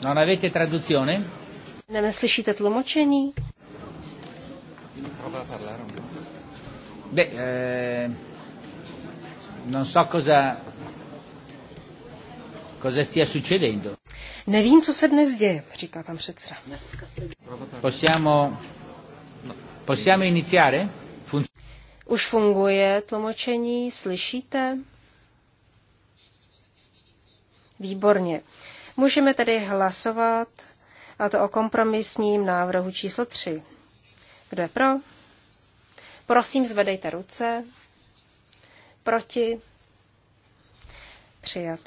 Non avete traduzione? Non Nemyslyšíte tlumočení? Beh, eh, non so cosa, cosa stia succedendo. Nevím, co se dnes děje, říká pan předseda. Possiamo, possiamo iniziare? Fun- Už funguje tlumočení, slyšíte? Výborně. Můžeme tedy hlasovat, a to o kompromisním návrhu číslo 3. Kdo je pro? Prosím, zvedejte ruce. Proti? Přijat.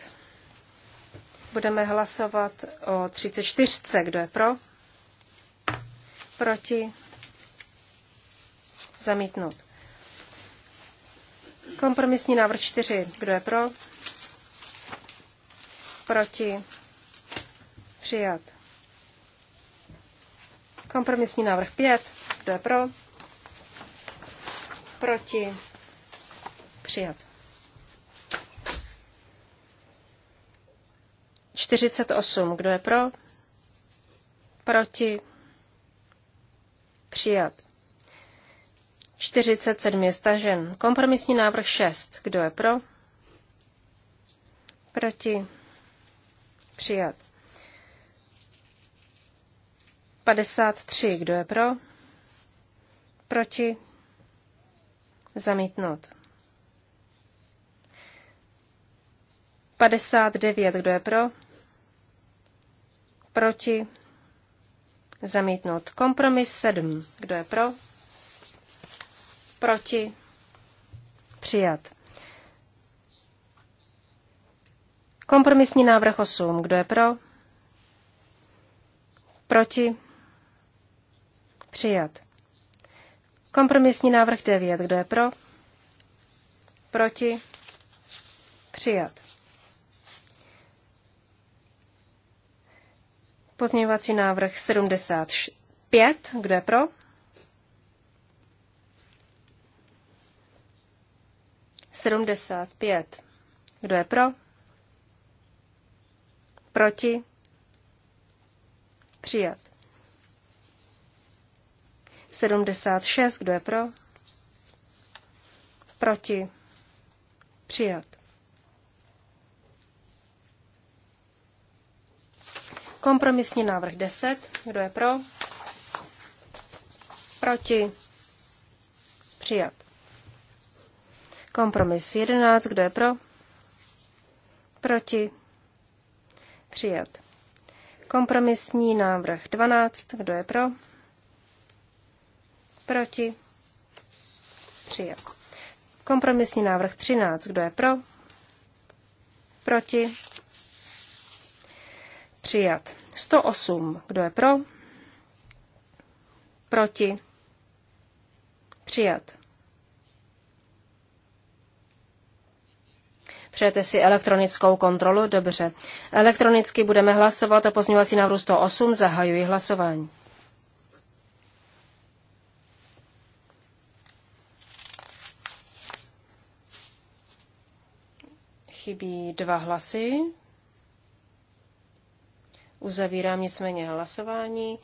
Budeme hlasovat o 34. Kdo je pro? Proti? Zamítnout. Kompromisní návrh 4. Kdo je pro? Proti? Přijat. Kompromisní návrh 5. Kdo je pro? Proti? Přijat. 48. Kdo je pro? Proti? Přijat. 47 je stažen. Kompromisní návrh 6. Kdo je pro? Proti? Přijat. 53. Kdo je pro? Proti? Zamítnout. 59. Kdo je pro? Proti? Zamítnout. Kompromis 7. Kdo je pro? Proti? Přijat. Kompromisní návrh 8. Kdo je pro? Proti? Přijat. Kompromisní návrh 9. Kdo je pro? Proti? Přijat. Pozměňovací návrh 75. Kdo je pro? 75. Kdo je pro? Proti? Přijat. 76, kdo je pro? Proti? Přijat. Kompromisní návrh 10, kdo je pro? Proti? Přijat. Kompromis 11, kdo je pro? Proti? Přijat. Kompromisní návrh 12, kdo je pro? Proti? Přijat. Kompromisní návrh 13. Kdo je pro? Proti? Přijat. 108. Kdo je pro? Proti? Přijat. Přejete si elektronickou kontrolu? Dobře. Elektronicky budeme hlasovat o pozměňovací návrhu 108. Zahajuji hlasování. Chybí dva hlasy. Uzavírám nicméně hlasování.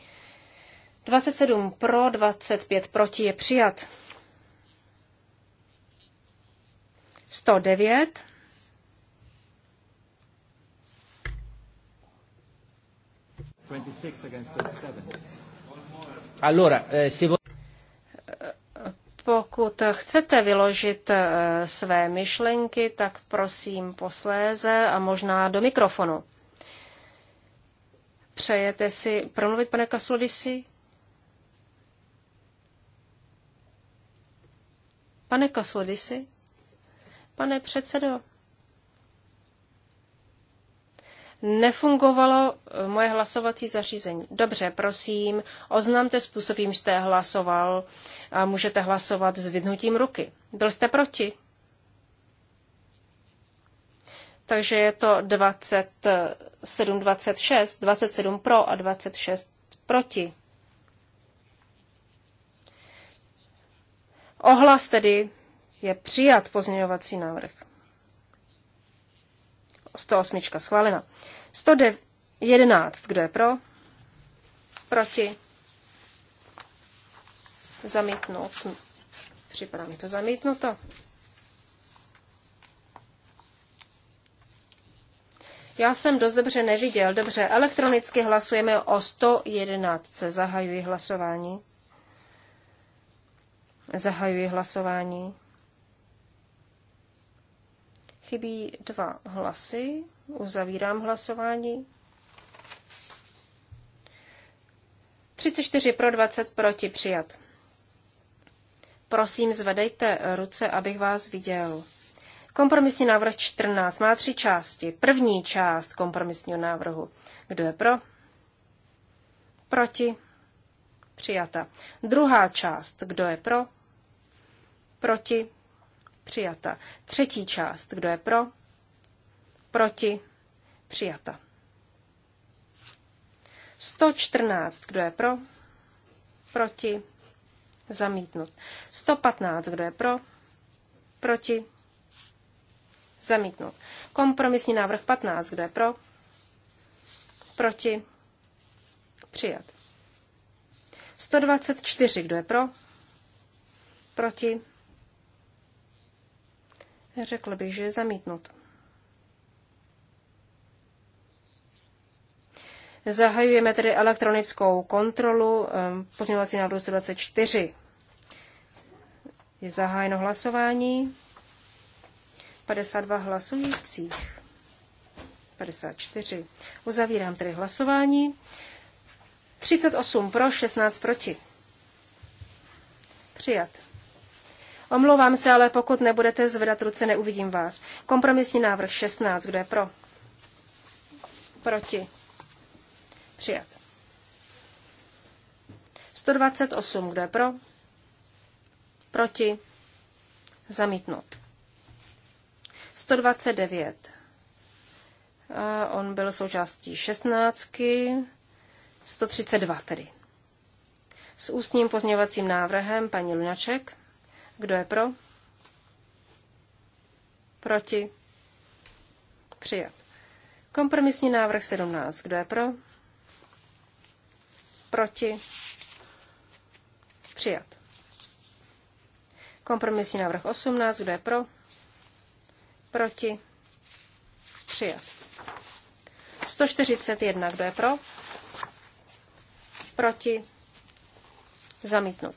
27 pro, 25 proti je přijat. 109. Allora, eh, se pokud chcete vyložit eh, své myšlenky, tak prosím posléze a možná do mikrofonu. Přejete si promluvit, pane Kasulisi? Pane Kasulisi? Pane předsedo, Nefungovalo eh, moje hlasovací zařízení. Dobře, prosím, oznamte způsob, jim jste hlasoval a můžete hlasovat s vydnutím ruky. Byl jste proti? Takže je to 27, 26, 27 pro a 26 proti. Ohlas tedy je přijat pozměňovací návrh. 108 schválena. 111, kdo je pro? Proti? Zamítnout. Připadá mi to zamítnuto. Já jsem dost dobře neviděl. Dobře, elektronicky hlasujeme o 111. Zahajuji hlasování. Zahajuji hlasování. Chybí dva hlasy. Uzavírám hlasování. 34 pro 20 proti přijat. Prosím, zvedejte ruce, abych vás viděl. Kompromisní návrh 14 má tři části. První část kompromisního návrhu. Kdo je pro? Proti? Přijata. Druhá část. Kdo je pro? Proti? Přijata. Třetí část. Kdo je pro? Proti? Přijata. 114. Kdo je pro? Proti? Zamítnut. 115. Kdo je pro? Proti? Zamítnut. Kompromisní návrh 15. Kdo je pro? Proti? Přijat. 124. Kdo je pro? Proti? Řekl bych, že je zamítnut. Zahajujeme tedy elektronickou kontrolu ehm, pozměňovací návrhu 124. Je zahájeno hlasování. 52 hlasujících. 54. Uzavírám tedy hlasování. 38 pro, 16 proti. Přijat. Omlouvám se, ale pokud nebudete zvedat ruce, neuvidím vás. Kompromisní návrh 16. Kdo je pro? Proti. Přijat. 128. Kdo je pro? Proti. Zamítnut. 129. On byl součástí 16. 132 tedy. S ústním pozněvacím návrhem paní Lunaček. Kdo je pro? Proti? Přijat. Kompromisní návrh 17. Kdo je pro? Proti? Přijat. Kompromisní návrh 18. Kdo je pro? Proti? Přijat. 141. Kdo je pro? Proti? Zamítnout.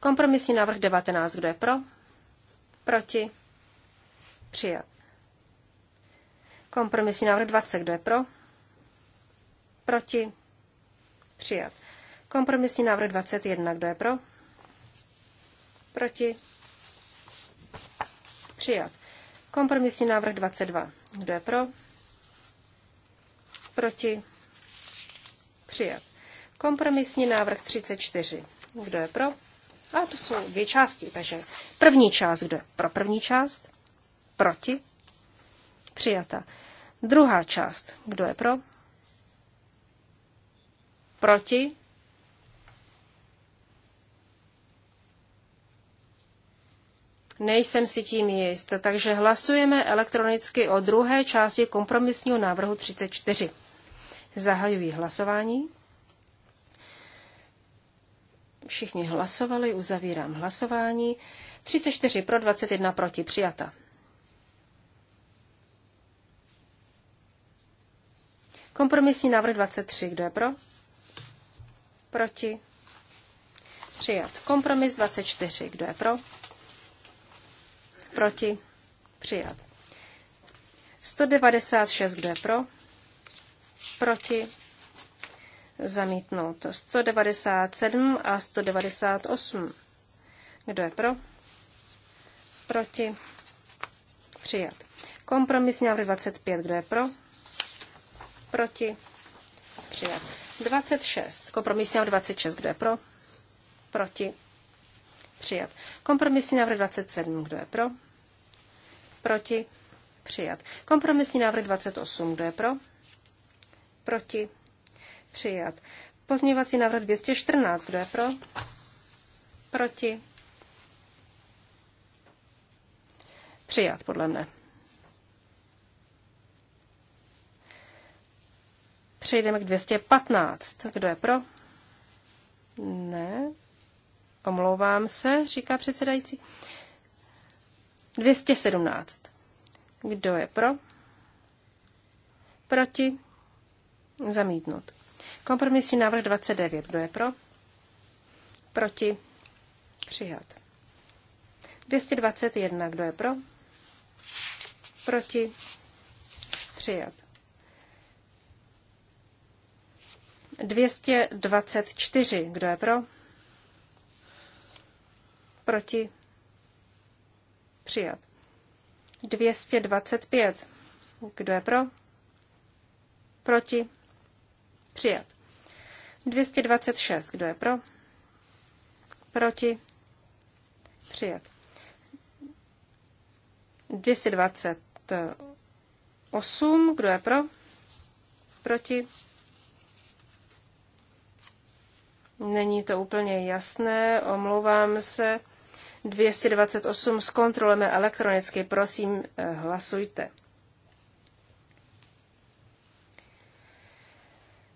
Kompromisní návrh 19, kdo je pro? Proti? Přijat. Kompromisní návrh 20, kdo je pro? Proti? Přijat. Kompromisní návrh 21, kdo je pro? Proti? Přijat. Kompromisní návrh 22, kdo je pro? Proti? Přijat. Kompromisní návrh 34, kdo je pro? A to jsou dvě části. Takže první část, kdo je pro první část? Proti? Přijata. Druhá část, kdo je pro? Proti? Nejsem si tím jist, takže hlasujeme elektronicky o druhé části kompromisního návrhu 34. Zahajuji hlasování. Všichni hlasovali, uzavírám hlasování. 34 pro, 21 proti, přijata. Kompromisní návrh 23, kdo je pro? Proti. Přijat. Kompromis 24, kdo je pro? Proti. Přijat. 196, kdo je pro? Proti. Zamítnout 197 a 198. Kdo je pro? Proti? Přijat. Kompromis návrh 25. Kdo je pro? Proti? Přijat. 26. Kompromis návrh 26. Kdo je pro? Proti? Přijat. Kompromisní návrh 27. Kdo je pro? Proti? Přijat. Kompromisní návrh 28. Kdo je pro? Proti? Přijat. Pozměňovací návrh 214. Kdo je pro? Proti? Přijat, podle mne. Přejdeme k 215. Kdo je pro? Ne. Omlouvám se, říká předsedající. 217. Kdo je pro? Proti? Zamítnut. Kompromisní návrh 29. Kdo je pro? Proti? Přijat. 221. Kdo je pro? Proti? Přijat. 224. Kdo je pro? Proti? Přijat. 225. Kdo je pro? Proti? Přijat. 226. Kdo je pro? Proti? Přijat. 228. Kdo je pro? Proti? Není to úplně jasné, omlouvám se. 228 zkontrolujeme elektronicky, prosím, eh, hlasujte.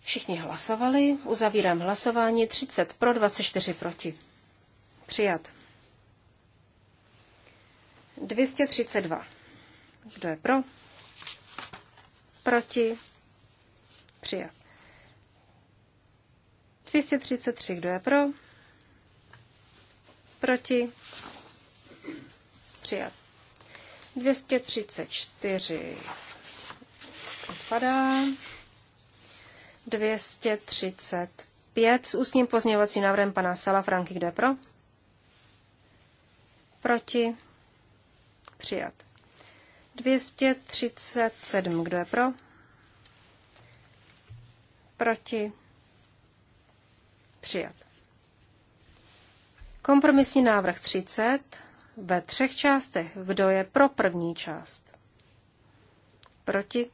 Všichni hlasovali. Uzavírám hlasování. 30 pro, 24 proti. Přijat. 232. Kdo je pro? Proti? Přijat. 233. Kdo je pro? Proti? Přijat. 234 odpadá. 235 s ústním pozměňovacím návrhem pana Salafranky. Kdo je pro? Proti? Přijat. 237. Kdo je pro? Proti? Přijat. Kompromisní návrh 30 ve třech částech. Kdo je pro první část? Proti?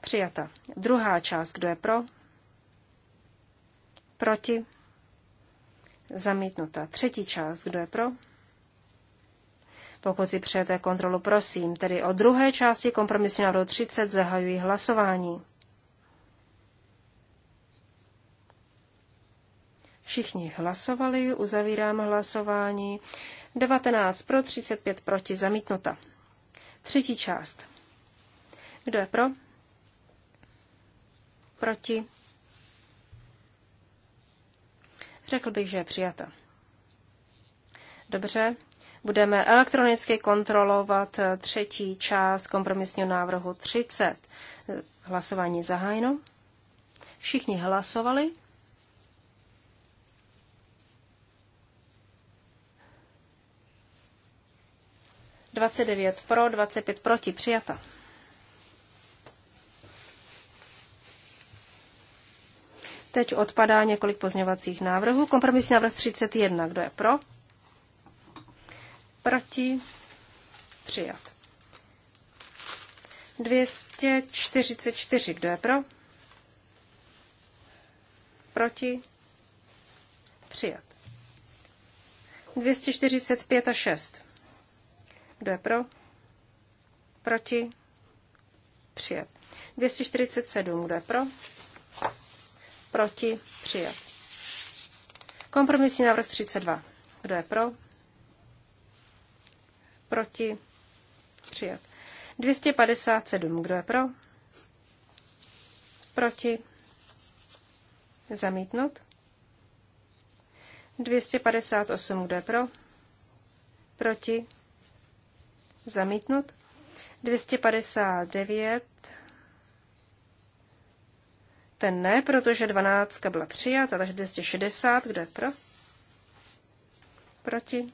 Přijata. Druhá část, kdo je pro? Proti? Zamítnuta. Třetí část, kdo je pro? Pokud si přejete kontrolu, prosím, tedy o druhé části kompromisního návrhu 30 zahajuji hlasování. Všichni hlasovali, uzavírám hlasování. 19 pro, 35 proti, zamítnuta. Třetí část. Kdo je pro? Proti? Řekl bych, že je přijata. Dobře, budeme elektronicky kontrolovat třetí část kompromisního návrhu 30. Hlasování zahájeno. Všichni hlasovali. Dvacet devět pro, dvacet pět proti, přijata. teď odpadá několik pozměňovacích návrhů. Kompromisní návrh 31. Kdo je pro? Proti? Přijat. 244. Kdo je pro? Proti? Přijat. 245 a 6. Kdo je pro? Proti? Přijat. 247. Kdo je pro? Proti? Přijat. Kompromisní návrh 32. Kdo je pro? Proti? Přijat. 257. Kdo je pro? Proti? Zamítnut. 258. Kdo je pro? Proti? Zamítnut. 259 ten ne, protože 12 byla přijata, takže 260, kdo je pro? Proti?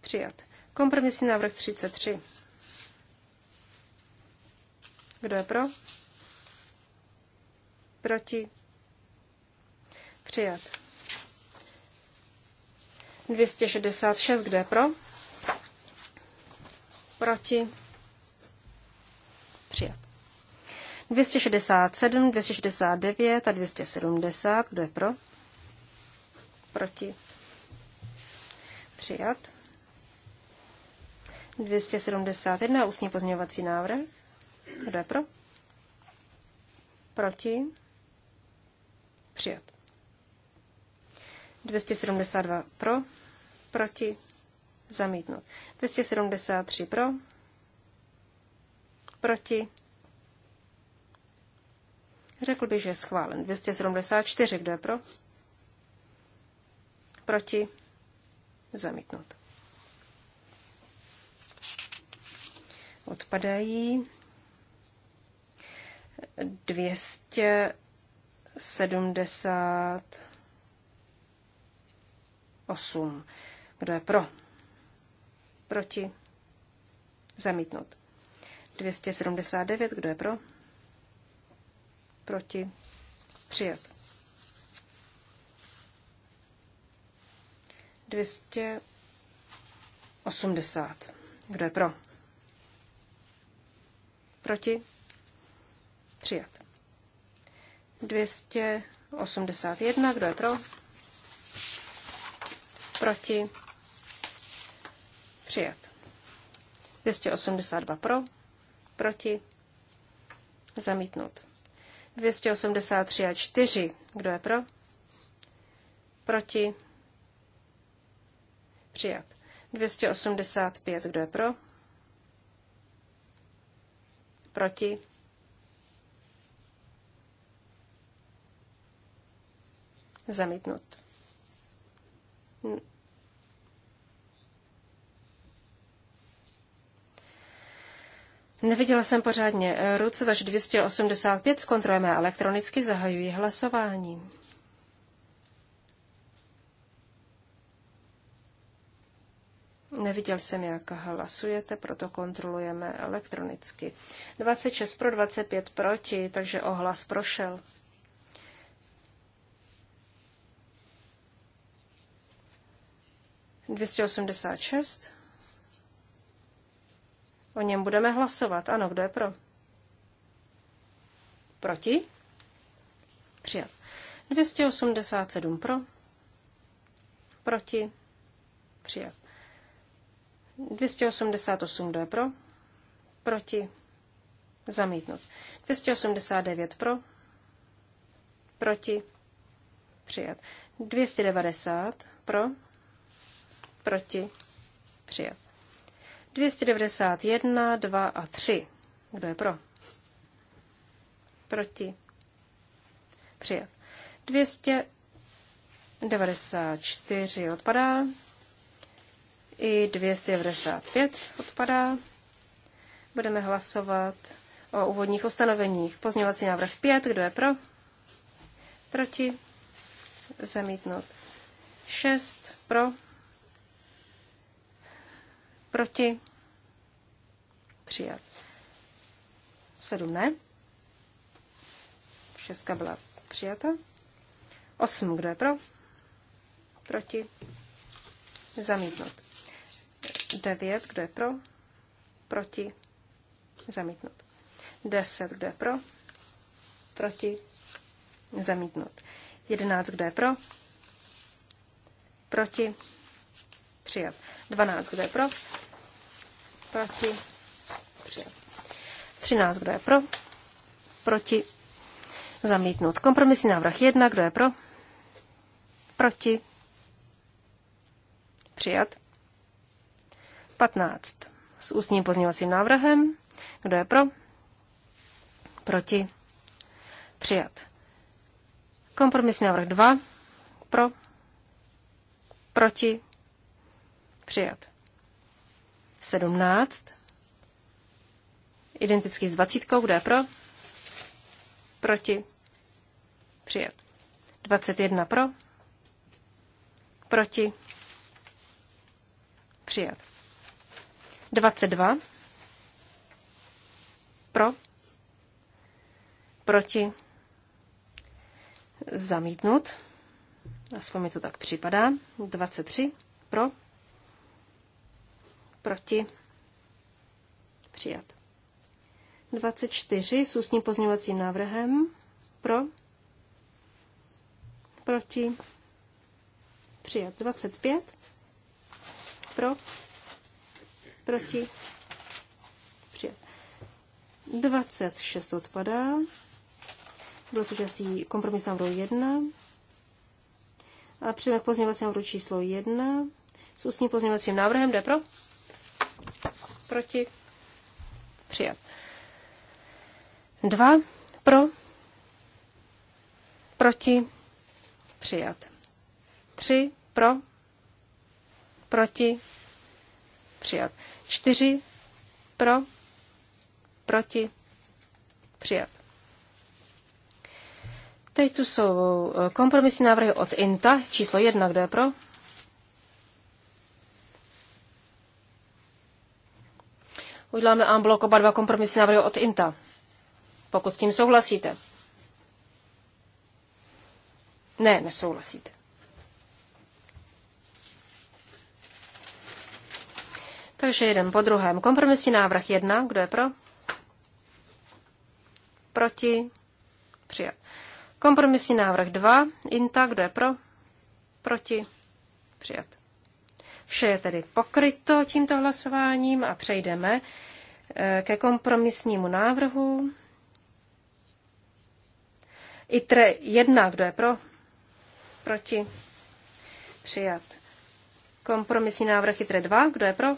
Přijat. Kompromisní návrh 33. Kdo je pro? Proti? Přijat. 266, kdo je pro? Proti? 267, 269 a 270. Kdo je pro? Proti? Přijat. 271 ústní pozměňovací návrh. Kdo je pro? Proti? Přijat. 272 pro, proti, zamítnut. 273 pro, proti, Řekl bych, že je schválen. 274, kdo je pro? Proti? Zamítnut. Odpadají. 278. Kdo je pro? Proti? Zamítnut. 279. Kdo je pro? proti, přijat. 280. Kdo je pro? Proti? Přijat. 281. Kdo je pro? Proti? Přijat. 282 pro, proti, zamítnout. 283 a 4. Kdo je pro? Proti? Přijat. 285. Kdo je pro? Proti? Zamítnut. Neviděla jsem pořádně. Ruce až 285 zkontrolujeme elektronicky, zahajuji hlasování. Neviděl jsem, jak hlasujete, proto kontrolujeme elektronicky. 26 pro, 25 proti, takže ohlas prošel. Dvěstě osmdesát šest. O něm budeme hlasovat. Ano, kdo je pro? Proti? Přijat. 287 pro. Proti? Přijat. 288 kdo je pro? Proti? Zamítnut. 289 pro? Proti? Přijat. 290 pro? Proti? Přijat. 291, 2 a 3. Kdo je pro? Proti? Přijat. 294 odpadá. I 295 odpadá. Budeme hlasovat o úvodních ustanoveních. Pozměňovací návrh 5. Kdo je pro? Proti? Zamítnout. 6 pro Proti? Přijat. Sedm ne. Šestka byla přijata. Osm, kdo je pro? Proti? Zamítnut. Devět, kdo je pro? Proti? Zamítnut. Deset, kdo je pro? Proti? Zamítnut. Jedenáct, kdo je pro? Proti? Přijat. 12, kdo je pro? Proti? Přijat. 13, kdo je pro? Proti? Zamítnut. Kompromisní návrh 1, kdo je pro? Proti? Přijat. 15. S ústním pozměňovacím návrhem. Kdo je pro? Proti? Přijat. Kompromisní návrh 2. Pro? Proti? Přijat. 17. Identický s 20. Kdo je pro? Proti. Přijat. 21 pro. Proti. Přijat. 22. Pro. Proti. Zamítnut. Aspoň mi to tak připadá. 23. Pro proti, přijat. 24 s ústním pozměňovacím návrhem, pro, proti, přijat. 25 pro, proti, přijat. 26 odpadá, Bylo součástí kompromisu návrhu 1 a přijeme k pozměňovacímu návrhu číslo 1 s ústním pozměňovacím návrhem, jde pro, proti, přijat. Dva pro, proti, přijat. Tři pro, proti, přijat. Čtyři pro, proti, přijat. Teď tu jsou eh, kompromisní návrhy od INTA, číslo jedna, kdo je pro? uděláme unblock oba dva kompromisy návrhy od INTA, pokud s tím souhlasíte. Ne, nesouhlasíte. Takže jeden po druhém. Kompromisní návrh jedna, kdo je pro? Proti? Přijat. Kompromisní návrh dva, INTA, kdo je pro? Proti? Přijat. Vše je tedy pokryto tímto hlasováním a přejdeme eh, ke kompromisnímu návrhu. ITRE 1, kdo je pro? Proti? Přijat. Kompromisní návrh ITRE 2, kdo je pro?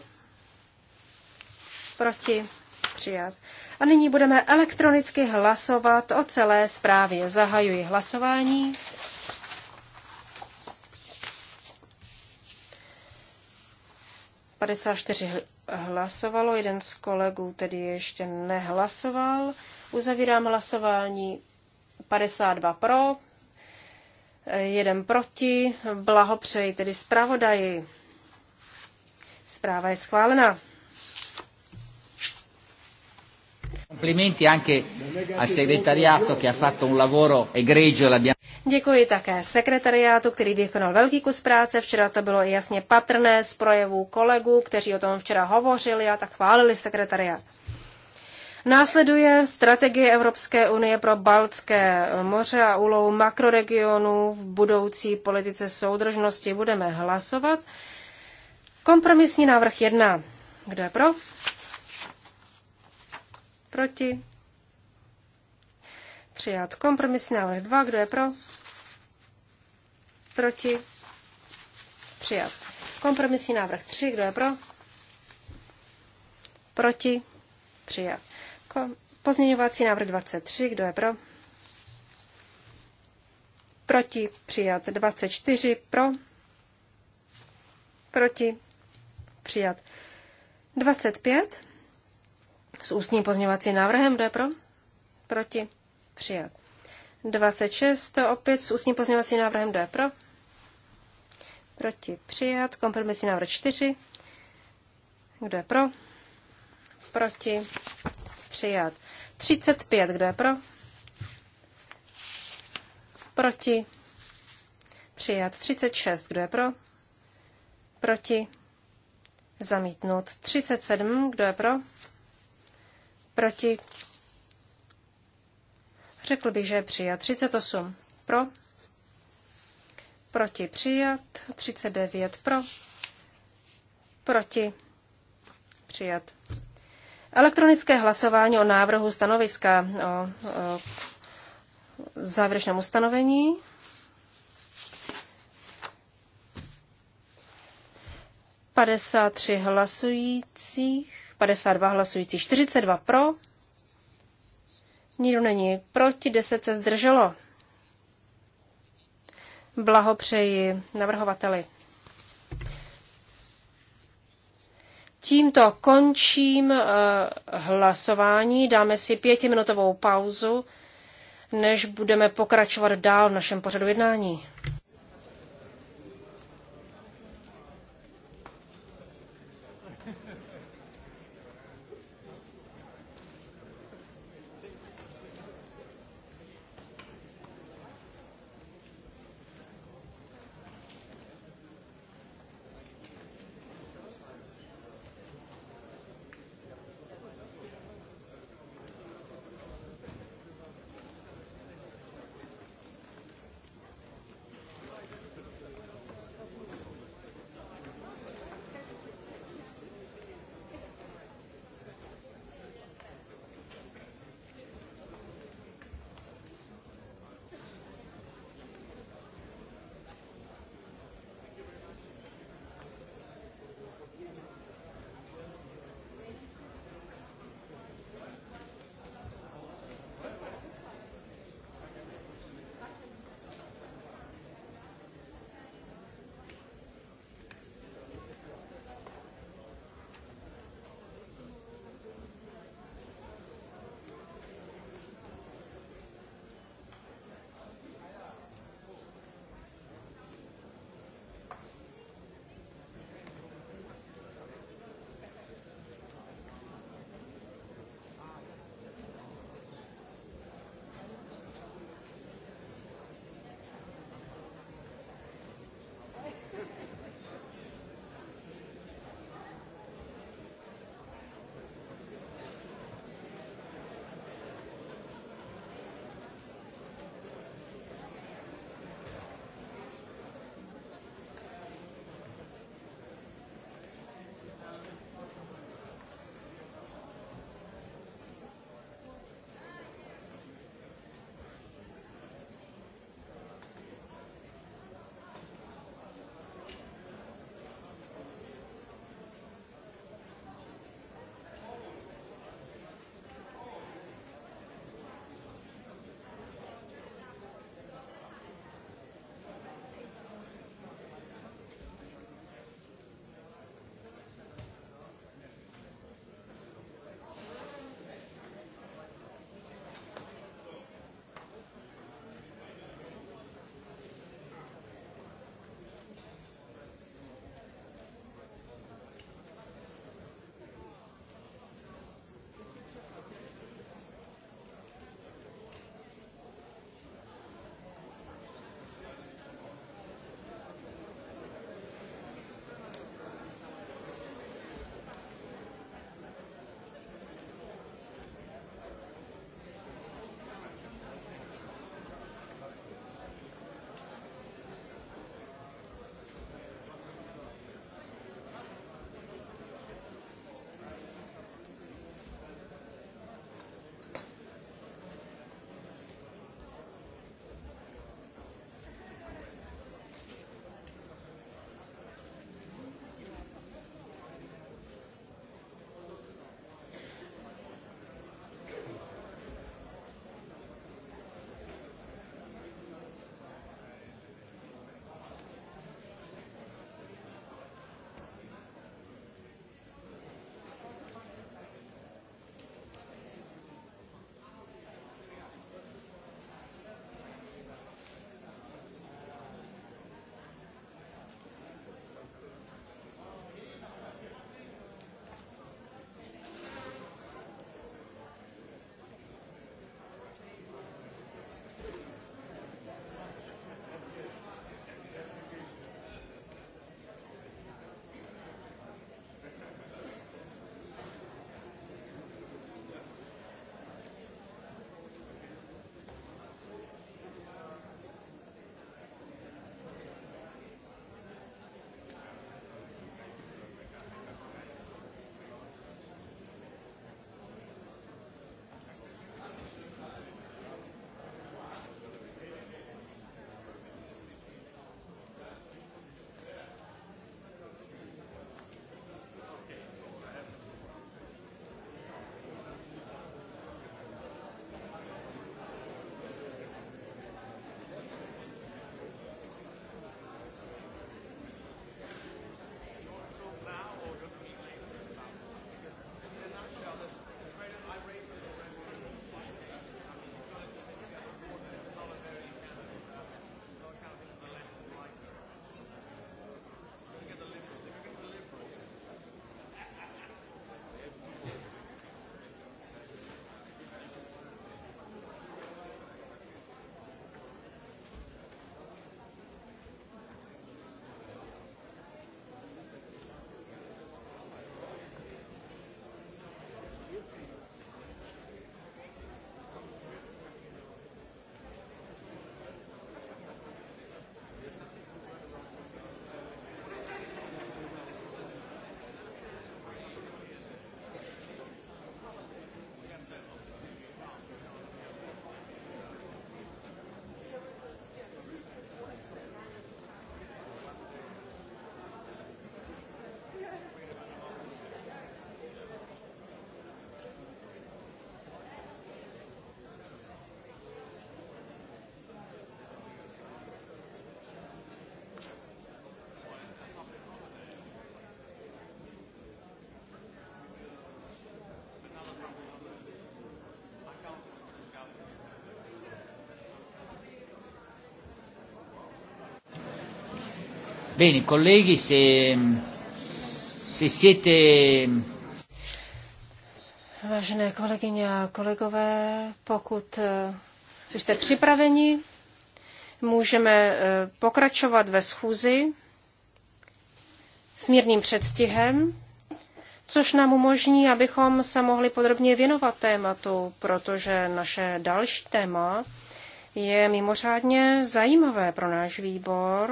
Proti? Přijat. A nyní budeme elektronicky hlasovat o celé zprávě. Zahajuji hlasování. 54 hlasovalo, jeden z kolegů tedy ještě nehlasoval. Uzavírám hlasování 52 pro, jeden proti. Blahopřeji tedy zpravodaji. Zpráva je schválena. Complimenti anche al segretariato che ha fatto un lavoro egregio. Děkuji také sekretariátu, který vykonal velký kus práce. Včera to bylo i jasně patrné z projevů kolegů, kteří o tom včera hovořili a tak chválili sekretariát. Následuje strategie Evropské unie pro Baltské moře a úlohu makroregionů v budoucí politice soudržnosti. Budeme hlasovat. Kompromisní návrh 1. Kdo je pro? Proti? Přijat. Kompromisní návrh 2. Kdo je pro? Proti? Přijat. Kompromisní návrh 3. Kdo je pro? Proti? Přijat. Kom- pozměňovací návrh 23. Kdo je pro? Proti? Přijat. 24. Pro? Proti? Přijat. 25 s ústním pozměňovacím návrhem. Kdo je pro? Proti? Přijat. 26. Opět s ústním pozměňovacím návrhem. Kdo je pro? Proti? Přijat. Kompromisní návrh 4. Kdo je pro? Proti? Přijat. 35. Kdo je pro? Proti? Přijat. 36. Kdo je pro? Proti? Zamítnout. 37. Kdo je pro? Proti? Řekl bych, že je přijat. 38 pro. Proti přijat. 39 pro. Proti přijat. Elektronické hlasování o návrhu stanoviska, o, o závěrečném ustanovení. Padesát tři hlasujících. 52 hlasující, 42 pro, nikdo není proti, 10 se zdrželo. Blahopřeji navrhovateli. Tímto končím eh, hlasování. Dáme si pětiminutovou pauzu, než budeme pokračovat dál v našem pořadu jednání. Bene, colleghi, se, se siete... Vážené kolegyně a kolegové, pokud eh, jste připraveni, můžeme eh, pokračovat ve schůzi s mírným předstihem, což nám umožní, abychom se mohli podrobně věnovat tématu, protože naše další téma je mimořádně zajímavé pro náš výbor,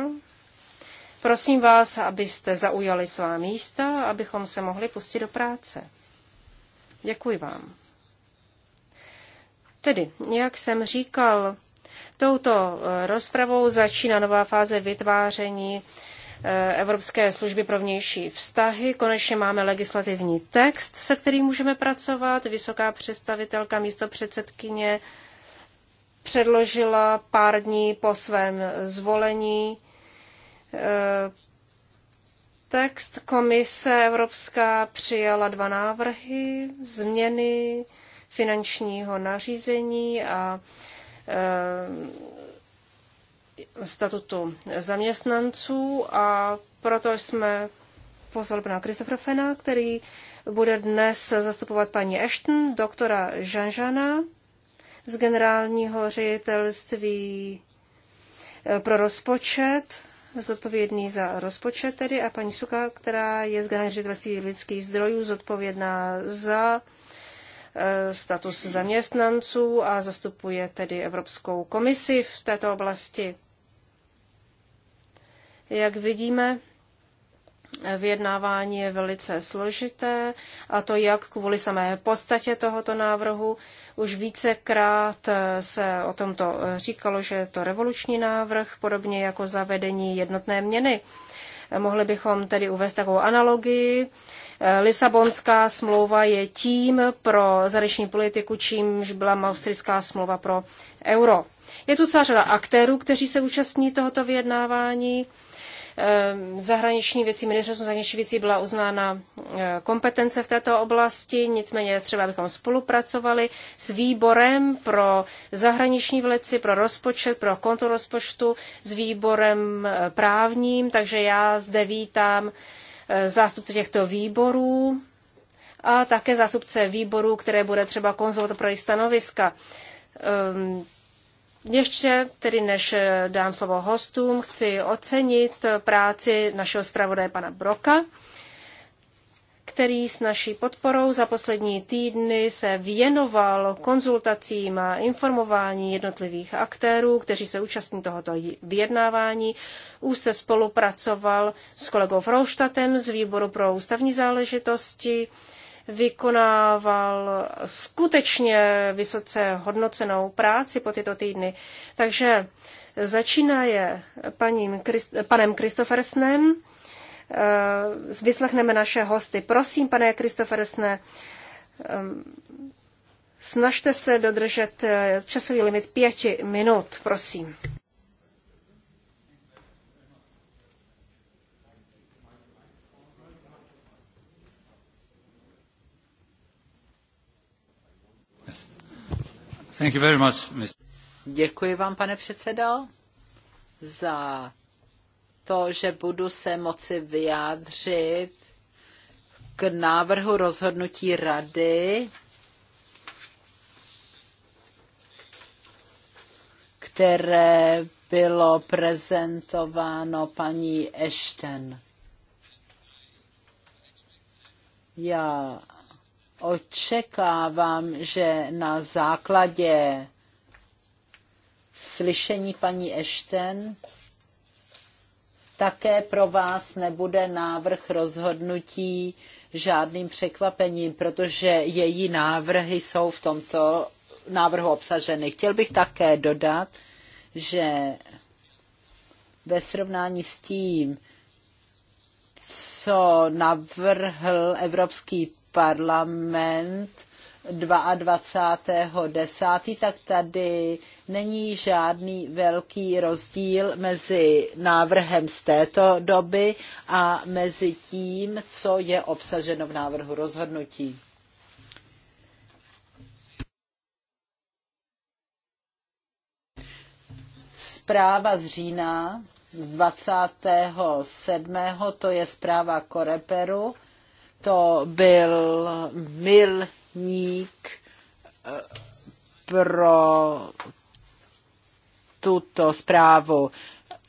Prosím vás, abyste zaujali svá místa, abychom se mohli pustit do práce. Děkuji vám. Tedy, jak jsem říkal, touto eh, rozpravou začíná nová fáze vytváření eh, Evropské služby pro vnější vztahy. Konečně máme legislativní text, se kterým můžeme pracovat. Vysoká představitelka místo předsedkyně předložila pár dní po svém zvolení Eh, text komise Evropská přijala dva návrhy změny finančního nařízení a eh, statutu zaměstnanců a proto jsme pozvali pana Christophera Fena, který bude dnes zastupovat paní Ashton, doktora Žanžana z generálního ředitelství eh, pro rozpočet zodpovědný za rozpočet tedy, a paní Suka, která je z ředitelství lidských zdrojů zodpovědná za eh, status zaměstnanců a zastupuje tedy Evropskou komisi v této oblasti. Jak vidíme, vyjednávání je velice složité a to jak kvůli samé podstatě tohoto návrhu. Už vícekrát eh, se o tomto eh, říkalo, že je to revoluční návrh, podobně jako zavedení jednotné měny. Mohli bychom tedy uvést takovou analogii. Eh, Lisabonská smlouva je tím pro zahraniční politiku, čímž byla maustrická smlouva pro euro. Je tu celá řada aktérů, kteří se účastní tohoto vyjednávání. Ehm, zahraniční věcí, ministerstvo zahraniční věcí byla uznána e, kompetence v této oblasti, nicméně třeba bychom spolupracovali s výborem pro zahraniční věci, pro rozpočet, pro kontrolu rozpočtu, s výborem e, právním, takže já zde vítám e, zástupce těchto výborů a také zástupce výborů, které bude třeba konzultovat pro jejich stanoviska ehm, ještě, tedy než eh, dám slovo hostům, chci ocenit eh, práci našeho zpravodaje pana Broka, který s naší podporou za poslední týdny se věnoval konzultacím a informování jednotlivých aktérů, kteří se účastní tohoto vyjednávání. Už se spolupracoval s kolegou Frouštatem z výboru pro ústavní záležitosti, vykonával skutečně vysoce hodnocenou práci po tyto týdny. Takže začíná je paním, panem Kristofersnem. Eh, vyslechneme naše hosty. Prosím, pane Kristofersne, eh, snažte se dodržet eh, časový limit pěti minut, prosím. Děkuji vám, pane předsedo, za to, že budu se moci vyjádřit k návrhu rozhodnutí rady, které bylo prezentováno paní Ashton. Já očekávám, že na základě slyšení paní Ešten také pro vás nebude návrh rozhodnutí žádným překvapením, protože její návrhy jsou v tomto návrhu obsaženy. Chtěl bych také dodat, že ve srovnání s tím, co navrhl Evropský parlament 22.10., tak tady není žádný velký rozdíl mezi návrhem z této doby a mezi tím, co je obsaženo v návrhu rozhodnutí. Zpráva z října 27. to je zpráva Koreperu to byl milník eh, pro tuto zprávu.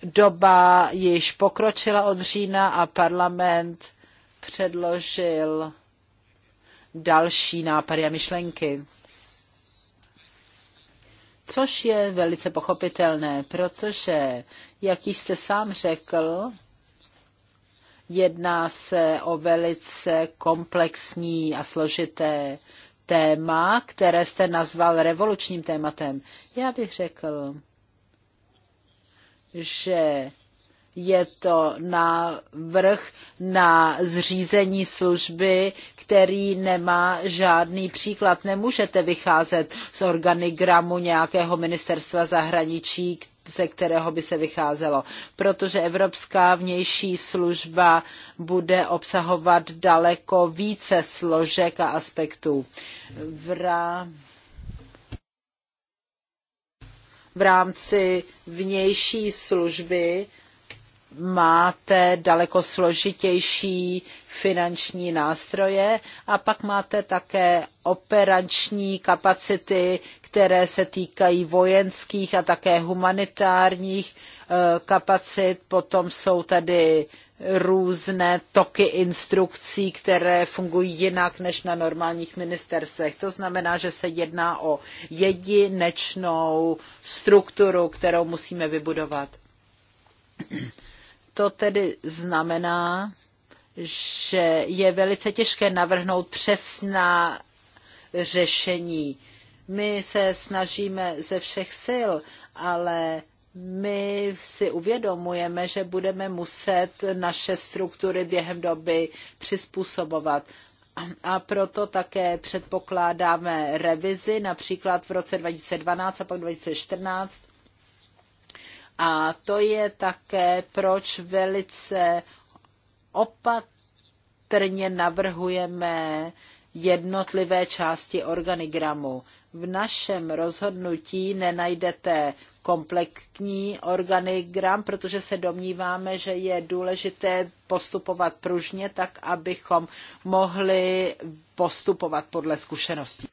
Doba již pokročila od října a parlament předložil další nápady a myšlenky. Což je velice pochopitelné, protože, jak jste sám řekl, Jedná se o velice komplexní a složité téma, které jste nazval revolučním tématem. Já bych řekl, že je to návrh na zřízení služby, který nemá žádný příklad. Nemůžete vycházet z organigramu nějakého ministerstva zahraničí, ze kterého by se vycházelo, protože Evropská vnější služba bude obsahovat daleko více složek a aspektů. Vra v rámci vnější služby máte daleko složitější finanční nástroje a pak máte také operační kapacity, které se týkají vojenských a také humanitárních eh, kapacit. Potom jsou tady různé toky instrukcí, které fungují jinak než na normálních ministerstvech. To znamená, že se jedná o jedinečnou strukturu, kterou musíme vybudovat. To tedy znamená, že je velice těžké navrhnout přesná řešení my se snažíme ze všech sil, ale my si uvědomujeme, že budeme muset naše struktury během doby přizpůsobovat. A proto také předpokládáme revizi, například v roce 2012 a pak 2014. A to je také, proč velice opatrně navrhujeme jednotlivé části organigramu v našem rozhodnutí nenajdete komplexní organigram, protože se domníváme, že je důležité postupovat pružně, tak abychom mohli postupovat podle zkušeností.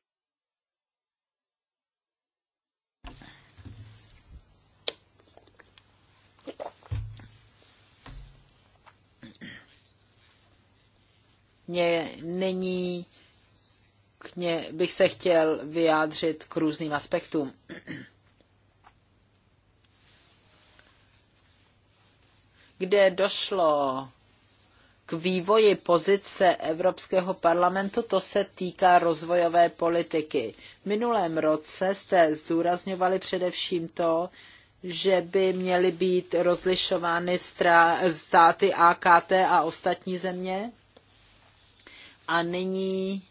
Mě není konkrétně bych se chtěl vyjádřit k různým aspektům. Kde došlo k vývoji pozice Evropského parlamentu, to se týká rozvojové politiky. V minulém roce jste zdůrazňovali především to, že by měly být rozlišovány státy AKT a ostatní země. A nyní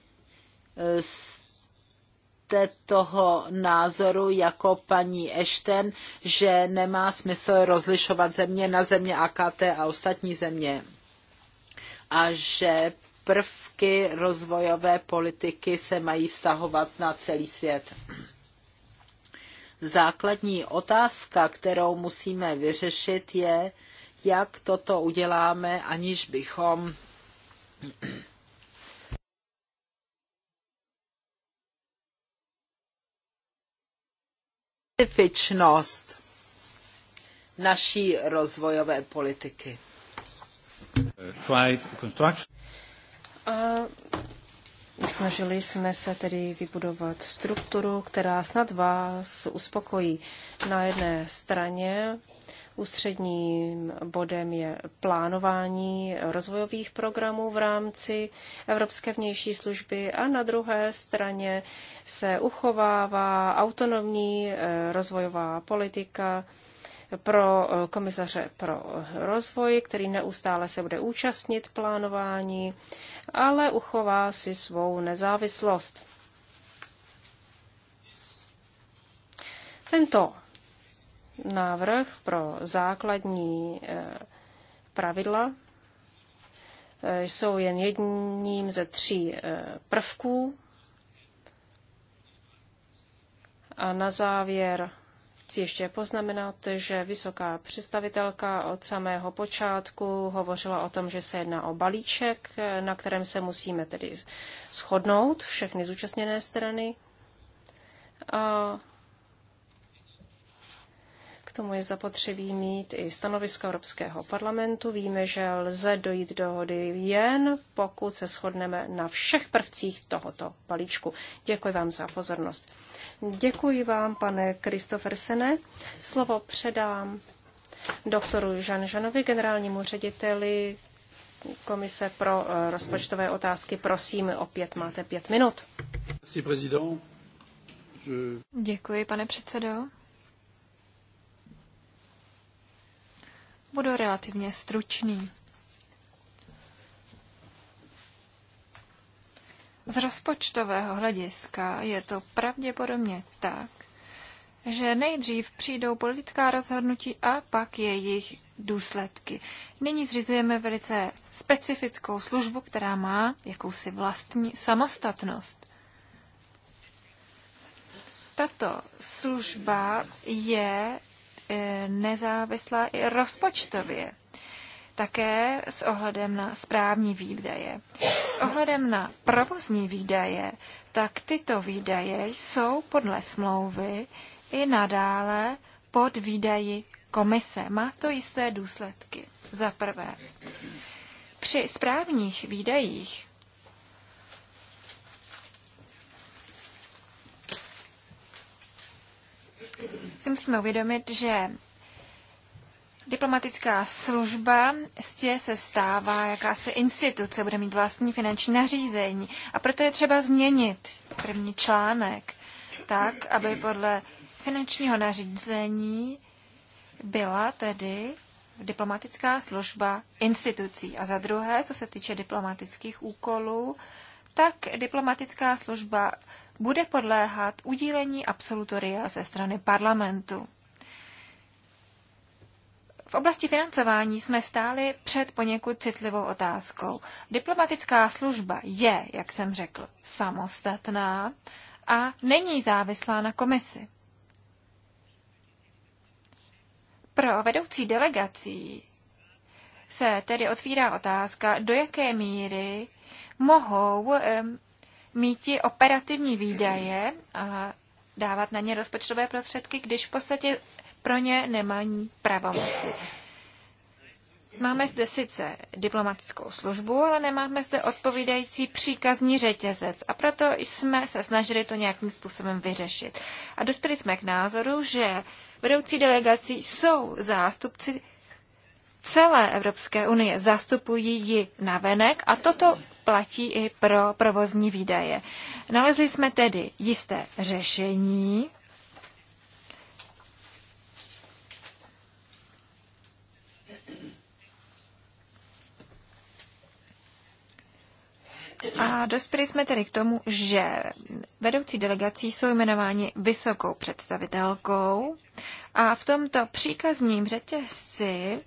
jste toho názoru jako paní Ashton, že nemá smysl rozlišovat země na země AKT a ostatní země a že prvky rozvojové politiky se mají vztahovat na celý svět. Základní otázka, kterou musíme vyřešit, je, jak toto uděláme, aniž bychom specifičnost naší rozvojové politiky. A snažili jsme se tedy vybudovat strukturu, která snad vás uspokojí. Na jedné straně Ústředním bodem je plánování rozvojových programů v rámci Evropské vnější služby a na druhé straně se uchovává autonomní eh, rozvojová politika pro eh, komisaře pro rozvoj, který neustále se bude účastnit plánování, ale uchová si svou nezávislost. Tento návrh pro základní eh, pravidla eh, jsou jen jedním ze tří eh, prvků. A na závěr chci ještě poznamenat, že vysoká představitelka od samého počátku hovořila o tom, že se jedná o balíček, na kterém se musíme tedy shodnout všechny zúčastněné strany. A tomu je zapotřebí mít i stanovisko Evropského parlamentu. Víme, že lze dojít dohody jen, pokud se shodneme na všech prvcích tohoto balíčku. Děkuji vám za pozornost. Děkuji vám, pane Kristofersene. Slovo předám doktoru Žanžanovi, generálnímu řediteli Komise pro eh, rozpočtové otázky. Prosím, opět máte pět minut. Děkuji, pane předsedo. budu relativně stručný. Z rozpočtového hlediska je to pravděpodobně tak, že nejdřív přijdou politická rozhodnutí a pak jejich důsledky. Nyní zřizujeme velice specifickou službu, která má jakousi vlastní samostatnost. Tato služba je Eh, nezávislá i rozpočtově. Také s ohledem na správní výdaje. S ohledem na provozní výdaje, tak tyto výdaje jsou podle smlouvy i nadále pod výdaji komise. Má to jisté důsledky. Za prvé, při správních výdajích si musíme uvědomit, že diplomatická služba stě se stává jakási instituce, bude mít vlastní finanční nařízení. A proto je třeba změnit první článek tak, aby podle finančního nařízení byla tedy diplomatická služba institucí. A za druhé, co se týče diplomatických úkolů, tak diplomatická služba bude podléhat udílení absolutoria ze strany parlamentu. V oblasti financování jsme stáli před poněkud citlivou otázkou. Diplomatická služba je, jak jsem řekl, samostatná a není závislá na komisi. Pro vedoucí delegací se tedy otvírá otázka, do jaké míry mohou míti operativní výdaje a dávat na ně rozpočtové prostředky, když v podstatě pro ně nemají pravomoci. Máme zde sice diplomatickou službu, ale nemáme zde odpovídající příkazní řetězec a proto jsme se snažili to nějakým způsobem vyřešit. A dospěli jsme k názoru, že vedoucí delegací jsou zástupci celé Evropské unie, zastupují ji navenek a toto platí i pro provozní výdaje. Nalezli jsme tedy jisté řešení, A dospěli jsme tedy k tomu, že vedoucí delegací jsou jmenováni vysokou představitelkou a v tomto příkazním řetězci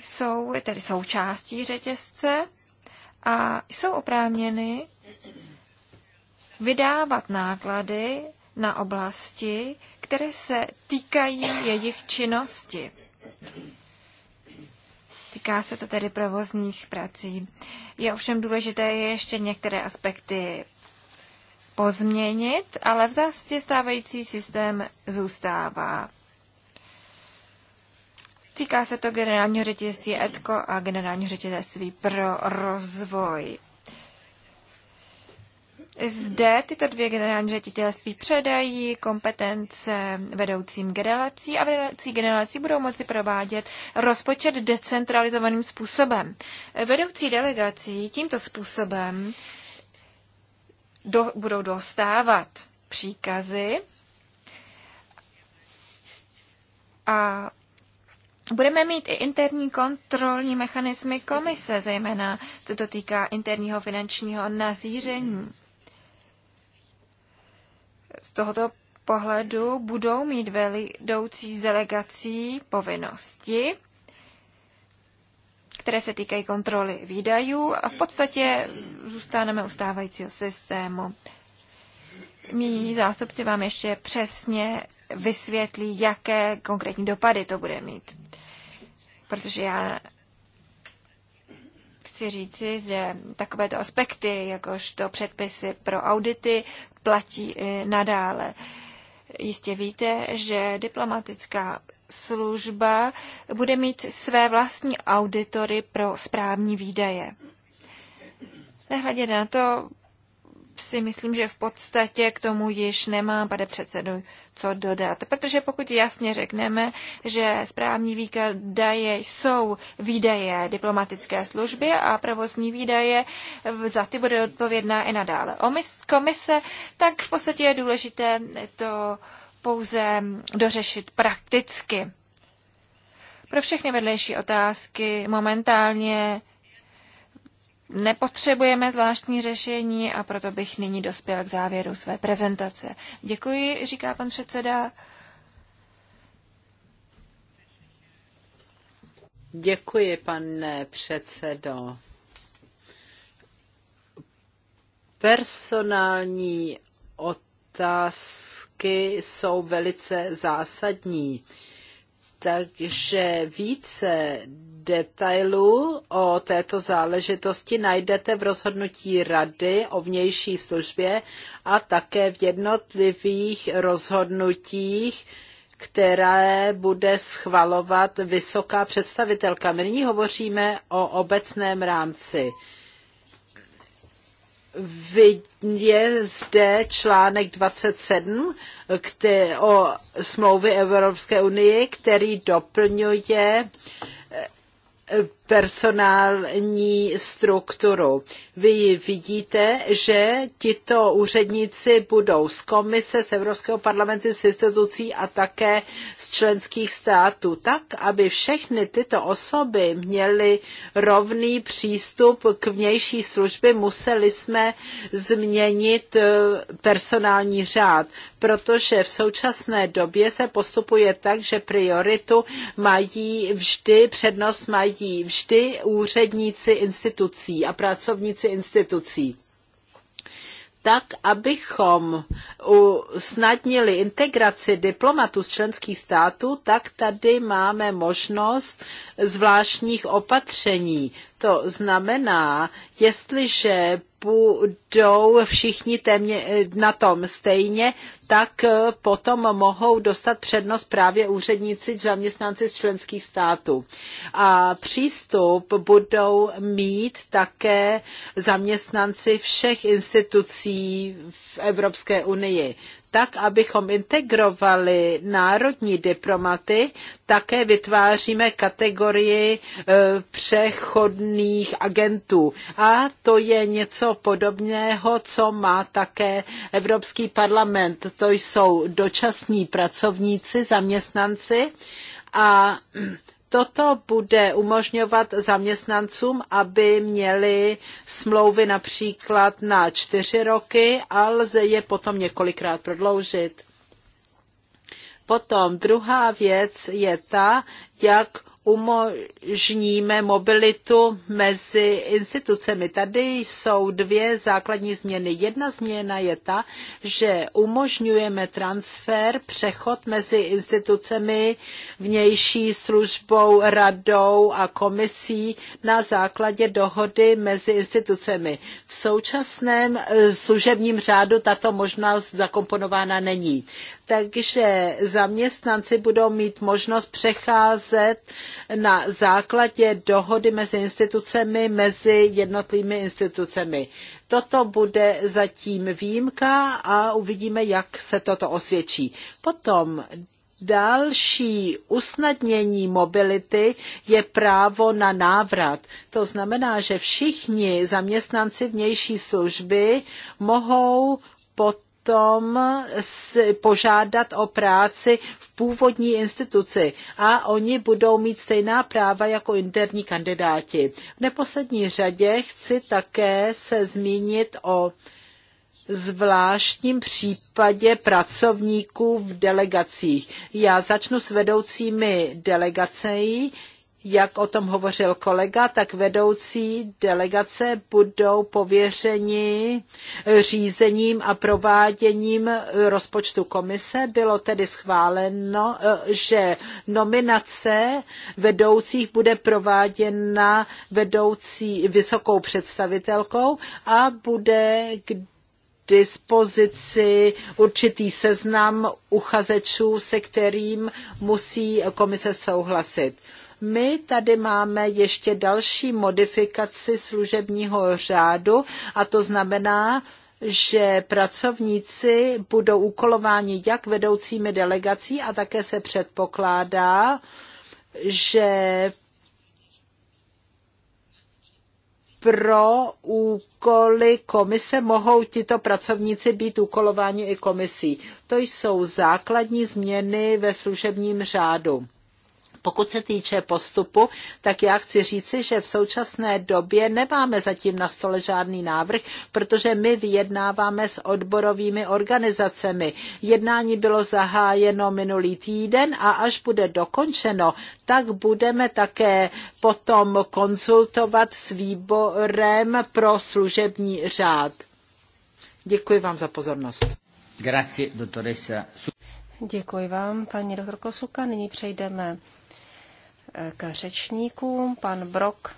jsou tedy součástí řetězce a jsou oprávněny vydávat náklady na oblasti, které se týkají jejich činnosti. Týká se to tedy provozních prací. Je ovšem důležité ještě některé aspekty pozměnit, ale v zásadě stávající systém zůstává. Týká se to generálního ředitelství ETKO a generálního ředitelství pro rozvoj. Zde tyto dvě generální ředitelství předají kompetence vedoucím generací a vedoucí generací budou moci provádět rozpočet decentralizovaným způsobem. Vedoucí delegací tímto způsobem do, budou dostávat příkazy a Budeme mít i interní kontrolní mechanismy komise, zejména co to týká interního finančního nazíření. Z tohoto pohledu budou mít vedoucí delegací povinnosti, které se týkají kontroly výdajů a v podstatě zůstaneme u stávajícího systému. Mí zástupci vám ještě přesně vysvětlí, jaké konkrétní dopady to bude mít. Protože já chci říci, že takovéto aspekty, jakožto předpisy pro audity, platí i nadále. Jistě víte, že diplomatická služba bude mít své vlastní auditory pro správní výdaje. Nehledě na to, si myslím, že v podstatě k tomu již nemám, pane předsedu, co dodat. Protože pokud jasně řekneme, že správní výdaje jsou výdaje diplomatické služby a provozní výdaje za ty bude odpovědná i nadále komise, tak v podstatě je důležité to pouze dořešit prakticky. Pro všechny vedlejší otázky momentálně Nepotřebujeme zvláštní řešení a proto bych nyní dospěl k závěru své prezentace. Děkuji, říká pan předseda. Děkuji, pane předsedo. Personální otázky jsou velice zásadní. Takže více detailů o této záležitosti najdete v rozhodnutí Rady o vnější službě a také v jednotlivých rozhodnutích, které bude schvalovat vysoká představitelka. My nyní hovoříme o obecném rámci je zde článek 27 který, o smlouvy Evropské unie, který doplňuje eh, personální strukturu. Vy vidíte, že tito úředníci budou z komise, z Evropského parlamentu, z institucí a také z členských států, tak, aby všechny tyto osoby měly rovný přístup k vnější službě, museli jsme změnit eh, personální řád, protože v současné době se postupuje tak, že prioritu mají vždy, přednost mají vždy vždy úředníci institucí a pracovníci institucí tak, abychom usnadnili integraci diplomatů z členských států, tak tady máme možnost zvláštních opatření. To znamená, jestliže budou všichni témě, eh, na tom stejně, tak eh, potom mohou dostat přednost právě úředníci, zaměstnanci z členských států. A přístup budou mít také zaměstnanci všech institucí v Evropské unii tak abychom integrovali národní diplomaty, také vytváříme kategorii e, přechodných agentů. A to je něco podobného, co má také Evropský parlament. To jsou dočasní pracovníci, zaměstnanci a Toto bude umožňovat zaměstnancům, aby měli smlouvy například na čtyři roky a lze je potom několikrát prodloužit. Potom druhá věc je ta, jak umožníme mobilitu mezi institucemi. Tady jsou dvě základní změny. Jedna změna je ta, že umožňujeme transfer, přechod mezi institucemi, vnější službou, radou a komisí na základě dohody mezi institucemi. V současném eh, služebním řádu tato možnost zakomponována není takže zaměstnanci budou mít možnost přecházet na základě dohody mezi institucemi, mezi jednotlivými institucemi. Toto bude zatím výjimka a uvidíme, jak se toto osvědčí. Potom Další usnadnění mobility je právo na návrat. To znamená, že všichni zaměstnanci vnější služby mohou pot potom požádat o práci v původní instituci a oni budou mít stejná práva jako interní kandidáti. V neposlední řadě chci také se zmínit o zvláštním případě pracovníků v delegacích. Já začnu s vedoucími delegací, jak o tom hovořil kolega, tak vedoucí delegace budou pověřeni řízením a prováděním rozpočtu komise. Bylo tedy schváleno, eh, že nominace vedoucích bude prováděna vedoucí vysokou představitelkou a bude k dispozici určitý seznam uchazečů, se kterým musí komise souhlasit my tady máme ještě další modifikaci služebního řádu a to znamená, že pracovníci budou úkolováni jak vedoucími delegací a také se předpokládá, že pro úkoly komise mohou tito pracovníci být úkolováni i komisí. To jsou základní změny ve služebním řádu. Pokud se týče postupu, tak já chci říci, že v současné době nemáme zatím na stole žádný návrh, protože my vyjednáváme s odborovými organizacemi. Jednání bylo zahájeno minulý týden a až bude dokončeno, tak budeme také potom konzultovat s výborem pro služební řád. Děkuji vám za pozornost. Grazie, doktoresa. Děkuji vám, paní doktorko Suka. Nyní přejdeme k řečníkům. Pan Brok,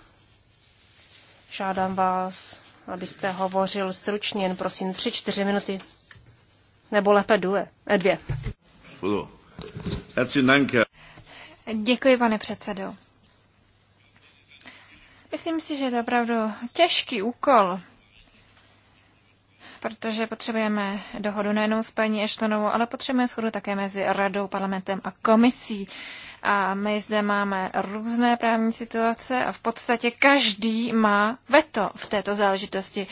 žádám vás, abyste hovořil stručně, jen prosím tři, čtyři minuty, nebo lépe dvě. Eh, dvě. Děkuji, pane předsedo. Myslím si, že je to opravdu těžký úkol, protože potřebujeme dohodu nejenom s paní Eštonovou, ale potřebujeme shodu také mezi radou, parlamentem a komisí. A my zde máme různé právní situace a v podstatě každý má veto v této záležitosti.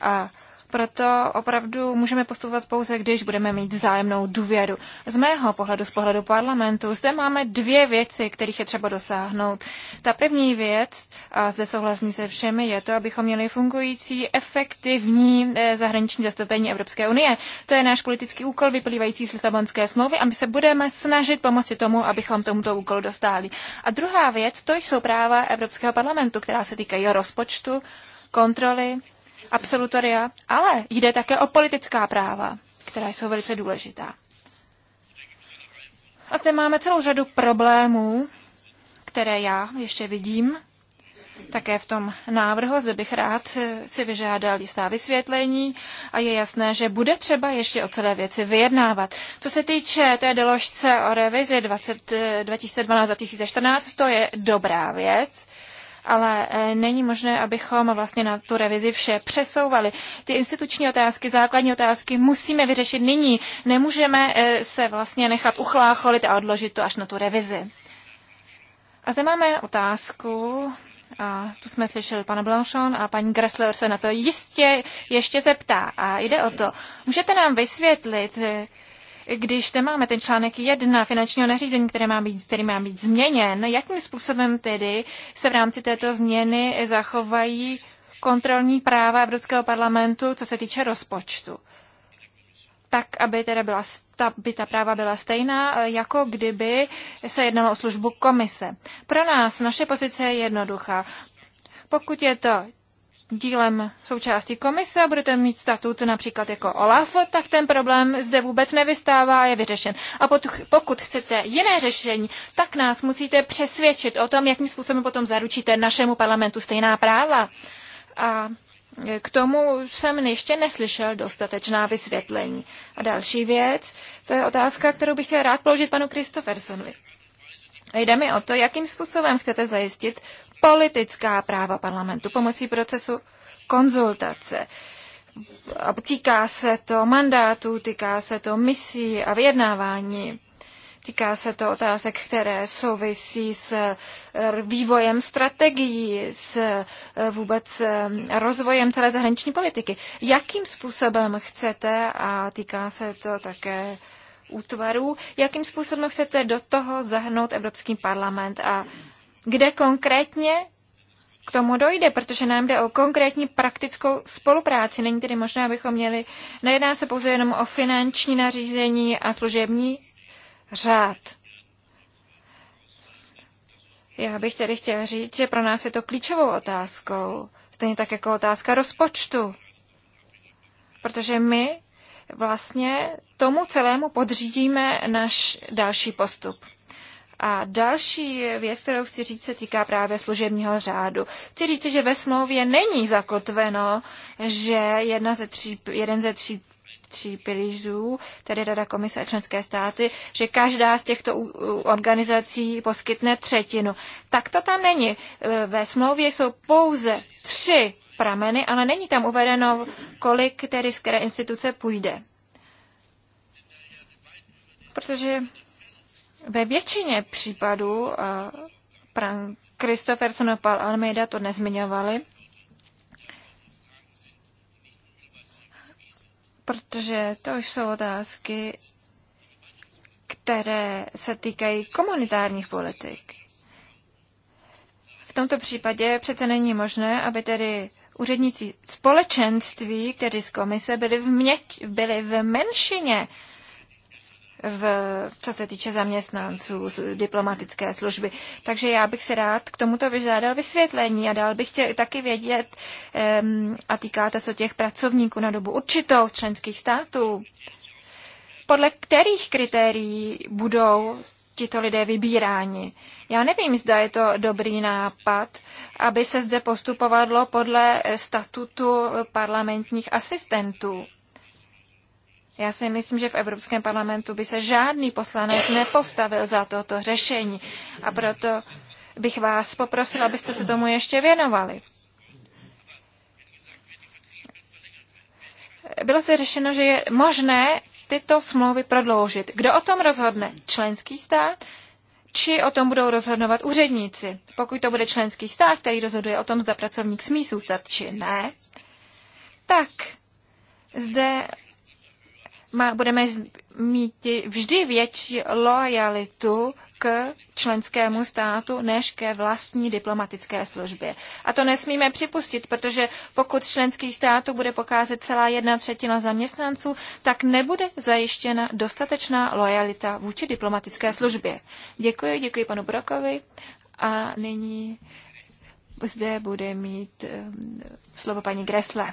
A proto opravdu můžeme postupovat pouze, když budeme mít vzájemnou důvěru. Z mého pohledu, z pohledu parlamentu, zde máme dvě věci, kterých je třeba dosáhnout. Ta první věc, a zde souhlasní se všemi, je to, abychom měli fungující, efektivní eh, zahraniční zastoupení Evropské unie. To je náš politický úkol vyplývající z Lisabonské smlouvy a my se budeme snažit pomoci tomu, abychom tomuto úkolu dostáli. A druhá věc, to jsou práva Evropského parlamentu, která se týkají rozpočtu, kontroly absolutoria, ale jde také o politická práva, která jsou velice důležitá. A zde máme celou řadu problémů, které já ještě vidím. Také v tom návrhu zde bych rád si vyžádal jistá vysvětlení a je jasné, že bude třeba ještě o celé věci vyjednávat. Co se týče té doložce o revizi 2012-2014, to je dobrá věc ale e, není možné, abychom vlastně na tu revizi vše přesouvali. Ty instituční otázky, základní otázky musíme vyřešit nyní. Nemůžeme e, se vlastně nechat uchlácholit a odložit to až na tu revizi. A zde máme otázku, a tu jsme slyšeli pana Blanchon a paní Gressler se na to jistě ještě zeptá. A jde o to, můžete nám vysvětlit, když tam máme ten článek 1 finančního nařízení, které má být, který má být změněn, no jakým způsobem tedy se v rámci této změny zachovají kontrolní práva Evropského parlamentu, co se týče rozpočtu? tak, aby teda byla, ta, by ta práva byla stejná, jako kdyby se jednalo o službu komise. Pro nás naše pozice je jednoduchá. Pokud je to dílem součástí komise a budete mít statut například jako OLAF, tak ten problém zde vůbec nevystává a je vyřešen. A pokud chcete jiné řešení, tak nás musíte přesvědčit o tom, jakým způsobem potom zaručíte našemu parlamentu stejná práva. A k tomu jsem ještě neslyšel dostatečná vysvětlení. A další věc, to je otázka, kterou bych chtěl rád položit panu Kristofersonovi. Jde mi o to, jakým způsobem chcete zajistit politická práva parlamentu pomocí procesu konzultace. A týká se to mandátu, týká se to misí a vyjednávání. Týká se to otázek, které souvisí s eh, vývojem strategií, s eh, vůbec eh, rozvojem celé zahraniční politiky. Jakým způsobem chcete, a týká se to také útvarů, jakým způsobem chcete do toho zahrnout Evropský parlament a kde konkrétně k tomu dojde, protože nám jde o konkrétní praktickou spolupráci. Není tedy možné, abychom měli, nejedná se pouze jenom o finanční nařízení a služební řád. Já bych tedy chtěl říct, že pro nás je to klíčovou otázkou, stejně tak jako otázka rozpočtu. Protože my vlastně tomu celému podřídíme náš další postup. A další věc, kterou chci říct, se týká právě služebního řádu. Chci říct, že ve smlouvě není zakotveno, že jedna ze tří, jeden ze tří tří pilířů, tedy Rada komise a členské státy, že každá z těchto organizací poskytne třetinu. Tak to tam není. Ve smlouvě jsou pouze tři prameny, ale není tam uvedeno, kolik tedy z které instituce půjde. Protože ve většině případů, eh, pan Christopherson a Paul Almeida to nezmiňovali, protože to už jsou otázky, které se týkají komunitárních politik. V tomto případě přece není možné, aby tedy úředníci společenství, kteří z komise byli v, měť, byli v menšině v, co se týče zaměstnanců z diplomatické služby. Takže já bych se rád k tomuto vyžádal vysvětlení a dál bych chtěl taky vědět, um, a týkáte se těch pracovníků na dobu určitou z členských států, podle kterých kritérií budou tito lidé vybíráni. Já nevím, zda je to dobrý nápad, aby se zde postupovalo podle statutu parlamentních asistentů. Já si myslím, že v Evropském parlamentu by se žádný poslanec nepostavil za toto řešení a proto bych vás poprosila, abyste se tomu ještě věnovali. Bylo se řešeno, že je možné tyto smlouvy prodloužit. Kdo o tom rozhodne? Členský stát? Či o tom budou rozhodovat úředníci? Pokud to bude členský stát, který rozhoduje o tom, zda pracovník smí zůstat či ne, tak zde má, budeme mít vždy větší lojalitu k členskému státu než ke vlastní diplomatické službě. A to nesmíme připustit, protože pokud členský státu bude pokázet celá jedna třetina zaměstnanců, tak nebude zajištěna dostatečná lojalita vůči diplomatické službě. Děkuji, děkuji panu Brokovi a nyní zde bude mít eh, slovo paní Gresle.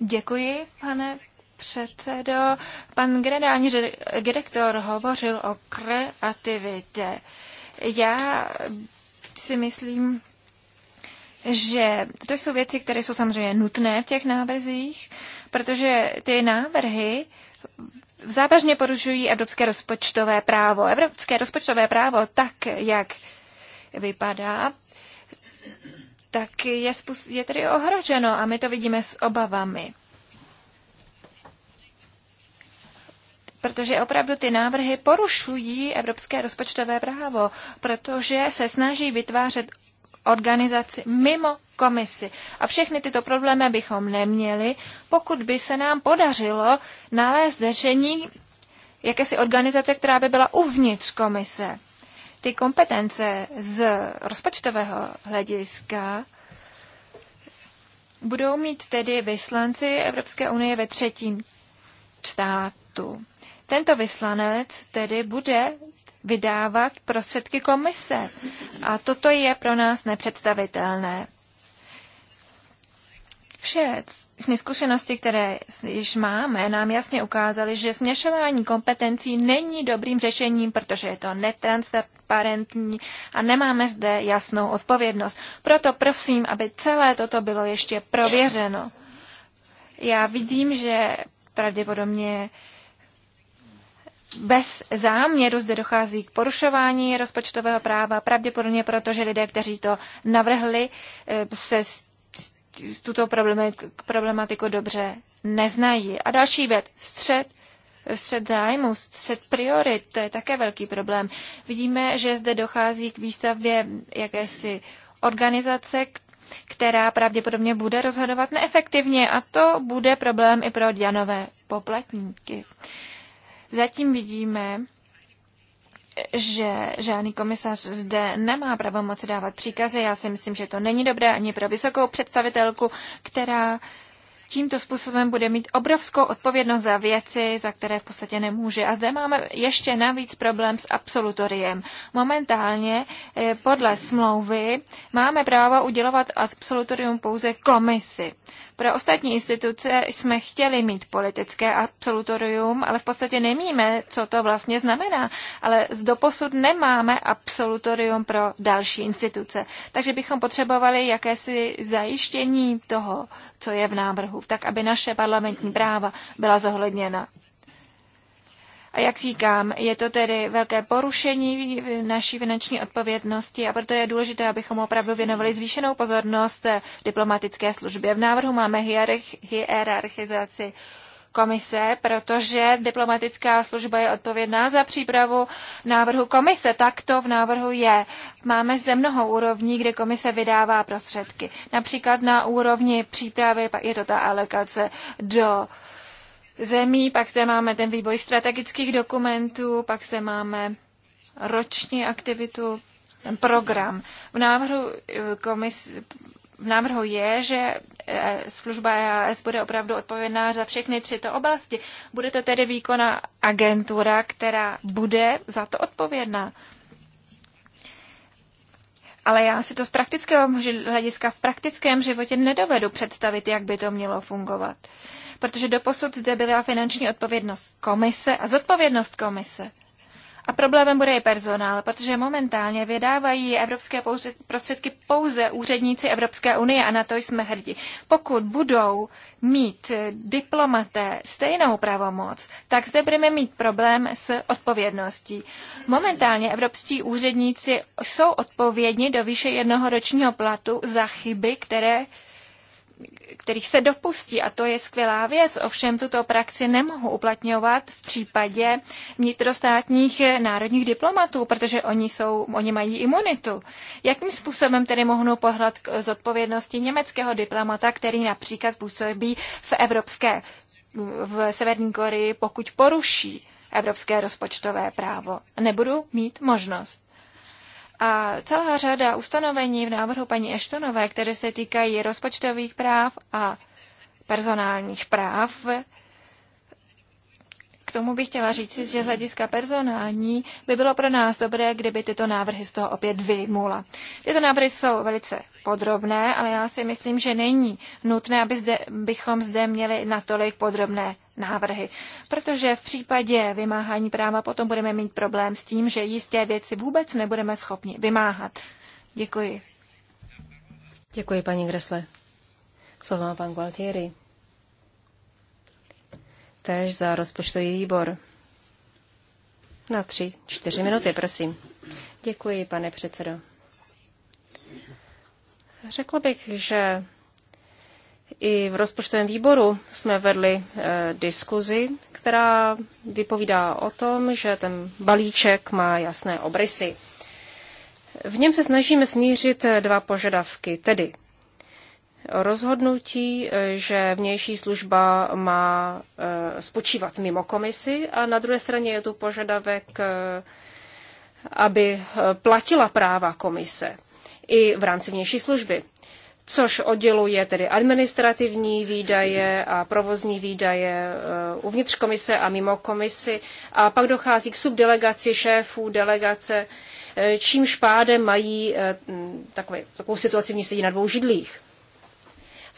Děkuji, pane předsedo. Pan generální direktor hovořil o kreativitě. Já si myslím, že to jsou věci, které jsou samozřejmě nutné v těch návrzích, protože ty návrhy závažně porušují evropské rozpočtové právo. Evropské rozpočtové právo tak, jak vypadá, tak je, je tedy ohroženo a my to vidíme s obavami. protože opravdu ty návrhy porušují evropské rozpočtové právo, protože se snaží vytvářet organizaci mimo komisi. A všechny tyto problémy bychom neměli, pokud by se nám podařilo nalézt řešení jakési organizace, která by byla uvnitř komise. Ty kompetence z rozpočtového hlediska budou mít tedy vyslanci Evropské unie ve třetím státu. Tento vyslanec tedy bude vydávat prostředky komise. A toto je pro nás nepředstavitelné. Všechny zkušenosti, které již máme, nám jasně ukázaly, že směšování kompetencí není dobrým řešením, protože je to netransparentní a nemáme zde jasnou odpovědnost. Proto prosím, aby celé toto bylo ještě prověřeno. Já vidím, že pravděpodobně bez záměru zde dochází k porušování rozpočtového práva, pravděpodobně proto, že lidé, kteří to navrhli, eh, se tuto problematiku dobře neznají. A další věc, střed střed zájmu, střed priorit, to je také velký problém. Vidíme, že zde dochází k výstavbě jakési organizace, která pravděpodobně bude rozhodovat neefektivně a to bude problém i pro Janové poplatníky. Zatím vidíme, že žádný komisař zde nemá pravomoc dávat příkazy. Já si myslím, že to není dobré ani pro vysokou představitelku, která tímto způsobem bude mít obrovskou odpovědnost za věci, za které v podstatě nemůže. A zde máme ještě navíc problém s absolutoriem. Momentálně eh, podle smlouvy máme právo udělovat absolutorium pouze komisi. Pro ostatní instituce jsme chtěli mít politické absolutorium, ale v podstatě nemíme, co to vlastně znamená. Ale z doposud nemáme absolutorium pro další instituce. Takže bychom potřebovali jakési zajištění toho, co je v návrhu, tak aby naše parlamentní práva byla zohledněna. A jak říkám, je to tedy velké porušení naší finanční odpovědnosti a proto je důležité, abychom opravdu věnovali zvýšenou pozornost diplomatické službě. V návrhu máme hierarchizaci komise, protože diplomatická služba je odpovědná za přípravu návrhu komise. Tak to v návrhu je. Máme zde mnoho úrovní, kde komise vydává prostředky. Například na úrovni přípravy je to ta alokace do zemí, pak zde máme ten vývoj strategických dokumentů, pak zde máme roční aktivitu, ten program. V návrhu eh, Komise v návrhu je, že eh, služba EAS bude opravdu odpovědná za všechny tři to oblasti. Bude to tedy výkona agentura, která bude za to odpovědná. Ale já si to z praktického hlediska v praktickém životě nedovedu představit, jak by to mělo fungovat. Protože doposud zde byla finanční odpovědnost komise a zodpovědnost komise. A problémem bude i personál, protože momentálně vydávají evropské prostředky pouze úředníci Evropské unie a na to jsme hrdí. Pokud budou mít eh, diplomaté stejnou pravomoc, tak zde budeme mít problém s odpovědností. Momentálně evropští úředníci jsou odpovědni do výše jednoho ročního platu za chyby, které kterých se dopustí, a to je skvělá věc. Ovšem tuto praxi nemohu uplatňovat v případě vnitrostátních eh, národních diplomatů, protože oni, jsou, oni mají imunitu. Jakým způsobem tedy mohnu pohled k zodpovědnosti německého diplomata, který například působí v Evropské v Severní Koreji, pokud poruší evropské rozpočtové právo. Nebudu mít možnost. A celá řada ustanovení v návrhu paní Eštonové, které se týkají rozpočtových práv a personálních práv, k tomu bych chtěla říct, že z hlediska personální by bylo pro nás dobré, kdyby tyto návrhy z toho opět vyjmula. Tyto návrhy jsou velice podrobné, ale já si myslím, že není nutné, aby zde, bychom zde měli natolik podrobné návrhy. Protože v případě vymáhání práva potom budeme mít problém s tím, že jisté věci vůbec nebudeme schopni vymáhat. Děkuji. Děkuji, paní Gresle. Slovo má pan Gualtieri též za rozpočtový výbor. Na tři, čtyři minuty, prosím. Děkuji, pane předsedo. Řekl bych, že i v rozpočtovém výboru jsme vedli e, diskuzi, která vypovídá o tom, že ten balíček má jasné obrysy. V něm se snažíme smířit eh, dva požadavky, tedy rozhodnutí, eh, že vnější služba má eh, spočívat mimo komisi a na druhé straně je tu požadavek, eh, aby platila práva komise i v rámci vnější služby což odděluje tedy administrativní výdaje a provozní výdaje uvnitř komise a mimo komisi. A pak dochází k subdelegaci šéfů delegace, čímž pádem mají takovou situaci, v ní sedí na dvou židlích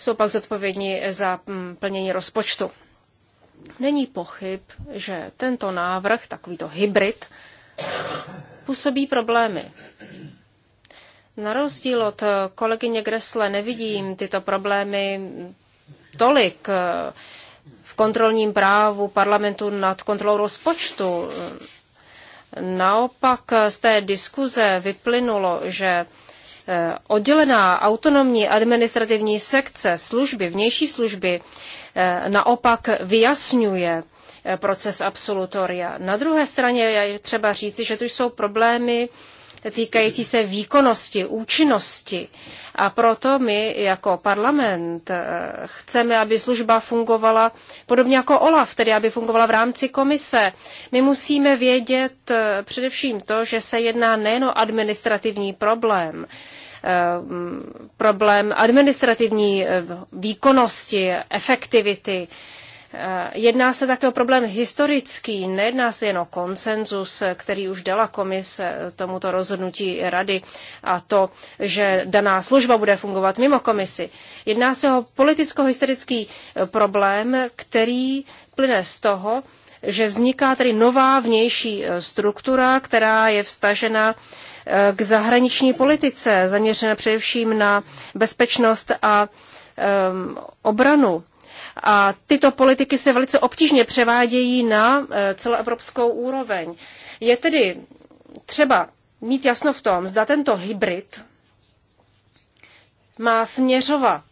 jsou pak zodpovědní za mm, plnění rozpočtu. Není pochyb, že tento návrh, takovýto hybrid, působí problémy. Na rozdíl od kolegyně Gresle nevidím tyto problémy tolik eh, v kontrolním právu parlamentu nad kontrolou rozpočtu. Naopak z té diskuze vyplynulo, že Eh, oddělená autonomní administrativní sekce služby, vnější služby, eh, naopak vyjasňuje eh, proces absolutoria. Na druhé straně je třeba říci, že tu jsou problémy týkající se výkonnosti, účinnosti. A proto my jako parlament eh, chceme, aby služba fungovala podobně jako OLAF, tedy aby fungovala v rámci komise. My musíme vědět eh, především to, že se jedná nejen o administrativní problém, eh, problém administrativní výkonnosti, efektivity, Eh, jedná se také o problém historický, nejedná se jen o konsenzus, který už dala komise tomuto rozhodnutí rady a to, že daná služba bude fungovat mimo komisi. Jedná se o politicko-historický eh, problém, který plyne z toho, že vzniká tedy nová vnější eh, struktura, která je vstažena k zahraniční politice, zaměřena především na bezpečnost a um, obranu. A tyto politiky se velice obtížně převádějí na eh, celoevropskou úroveň. Je tedy třeba mít jasno v tom, zda tento hybrid má směřovat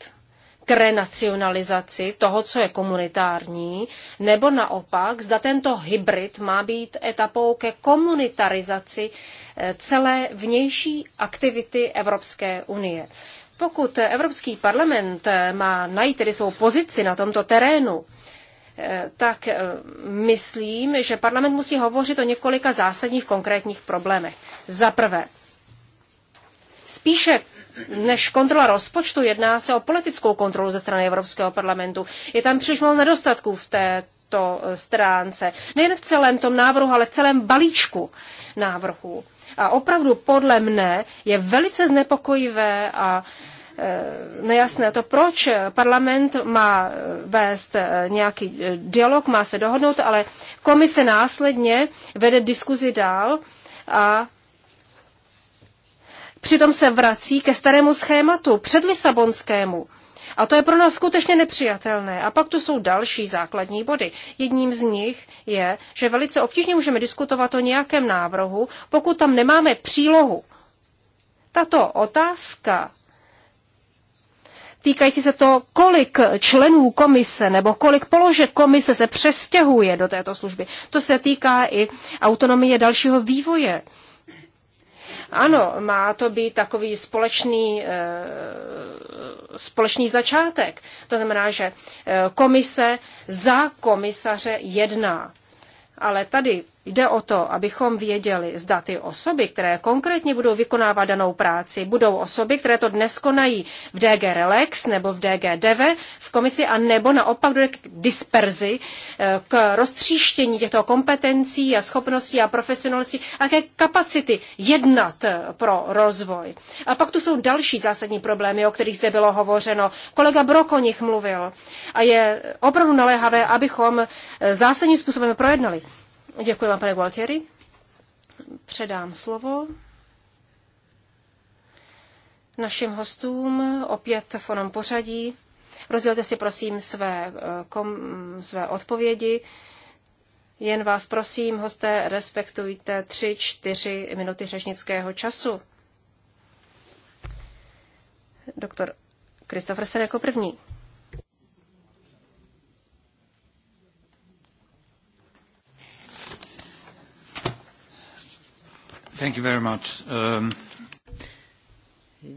k renacionalizaci toho, co je komunitární, nebo naopak, zda tento hybrid má být etapou ke komunitarizaci eh, celé vnější aktivity Evropské unie. Pokud Evropský parlament eh, má najít tedy svou pozici na tomto terénu, eh, tak eh, myslím, že parlament musí hovořit o několika zásadních konkrétních problémech. Za prvé, spíše než kontrola rozpočtu jedná se o politickou kontrolu ze strany Evropského parlamentu. Je tam příliš mnoho nedostatků v této stránce. Nejen v celém tom návrhu, ale v celém balíčku návrhů. A opravdu podle mne je velice znepokojivé a e, nejasné to, proč parlament má e, vést e, nějaký dialog, má se dohodnout, ale komise následně vede diskuzi dál a přitom se vrací ke starému schématu, předlisabonskému. A to je pro nás skutečně nepřijatelné. A pak tu jsou další základní body. Jedním z nich je, že velice obtížně můžeme diskutovat o nějakém návrhu, pokud tam nemáme přílohu. Tato otázka týkající se toho, kolik členů komise nebo kolik položek komise se přestěhuje do této služby. To se týká i autonomie dalšího vývoje ano, má to být takový společný, eh, společný začátek. To znamená, že eh, komise za komisaře jedná. Ale tady Jde o to, abychom věděli, zda ty osoby, které konkrétně budou vykonávat danou práci, budou osoby, které to dnes konají v DG Relax nebo v DG Deve v komisi, a nebo naopak dojde k disperzi, eh, k roztříštění těchto kompetencí a schopností a profesionalistí a ke kapacity jednat eh, pro rozvoj. A pak tu jsou další zásadní problémy, o kterých zde bylo hovořeno. Kolega Brok o nich mluvil. A je opravdu naléhavé, abychom eh, zásadním způsobem projednali. Děkuji vám, pane Gualtieri. Předám slovo našim hostům, opět v onom pořadí. Rozdělte si prosím své, eh, kom, své odpovědi. Jen vás prosím, hosté, respektujte tři čtyři minuty řečnického času. Doktor Kristofer jako první. Um,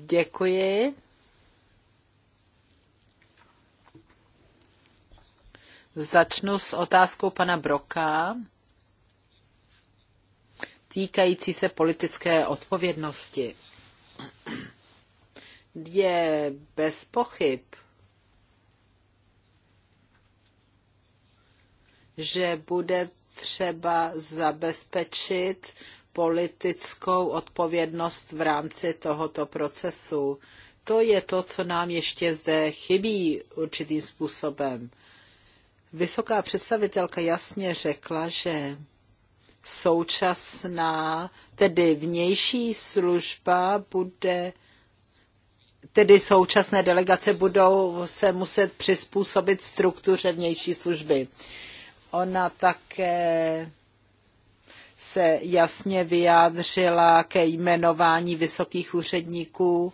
Děkuji. Začnu s otázkou pana Broka týkající se politické odpovědnosti. Je bez pochyb, že bude třeba zabezpečit politickou odpovědnost v rámci tohoto procesu. To je to, co nám ještě zde chybí určitým způsobem. Vysoká představitelka jasně řekla, že současná, tedy vnější služba bude, tedy současné delegace budou se muset přizpůsobit struktuře vnější služby. Ona také se jasně vyjádřila ke jmenování vysokých úředníků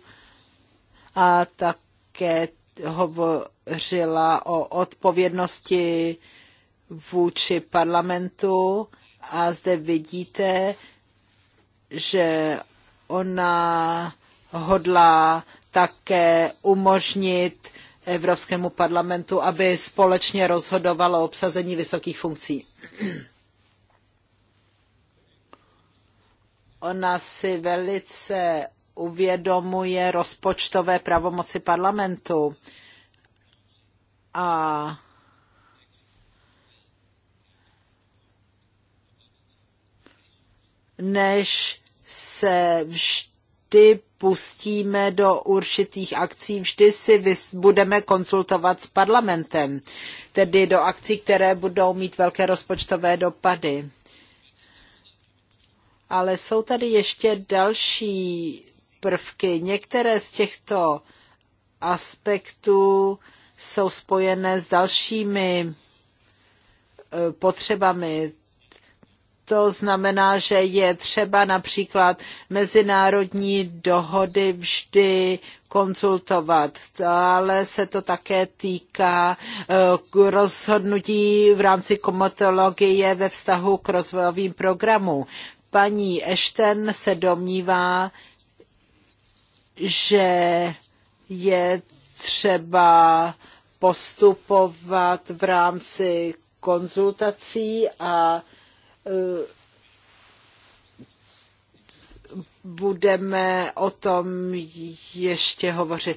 a také hovořila o odpovědnosti vůči parlamentu a zde vidíte, že ona hodlá také umožnit Evropskému parlamentu, aby společně rozhodovalo o obsazení vysokých funkcí. ona si velice uvědomuje rozpočtové pravomoci parlamentu a než se vždy pustíme do určitých akcí, vždy si budeme konsultovat s parlamentem, tedy do akcí, které budou mít velké rozpočtové dopady. Ale jsou tady ještě další prvky. Některé z těchto aspektů jsou spojené s dalšími e, potřebami. To znamená, že je třeba například mezinárodní dohody vždy konzultovat, ale se to také týká e, rozhodnutí v rámci komatologie ve vztahu k rozvojovým programům paní Ashton se domnívá, že je třeba postupovat v rámci konzultací a e, budeme o tom ještě hovořit.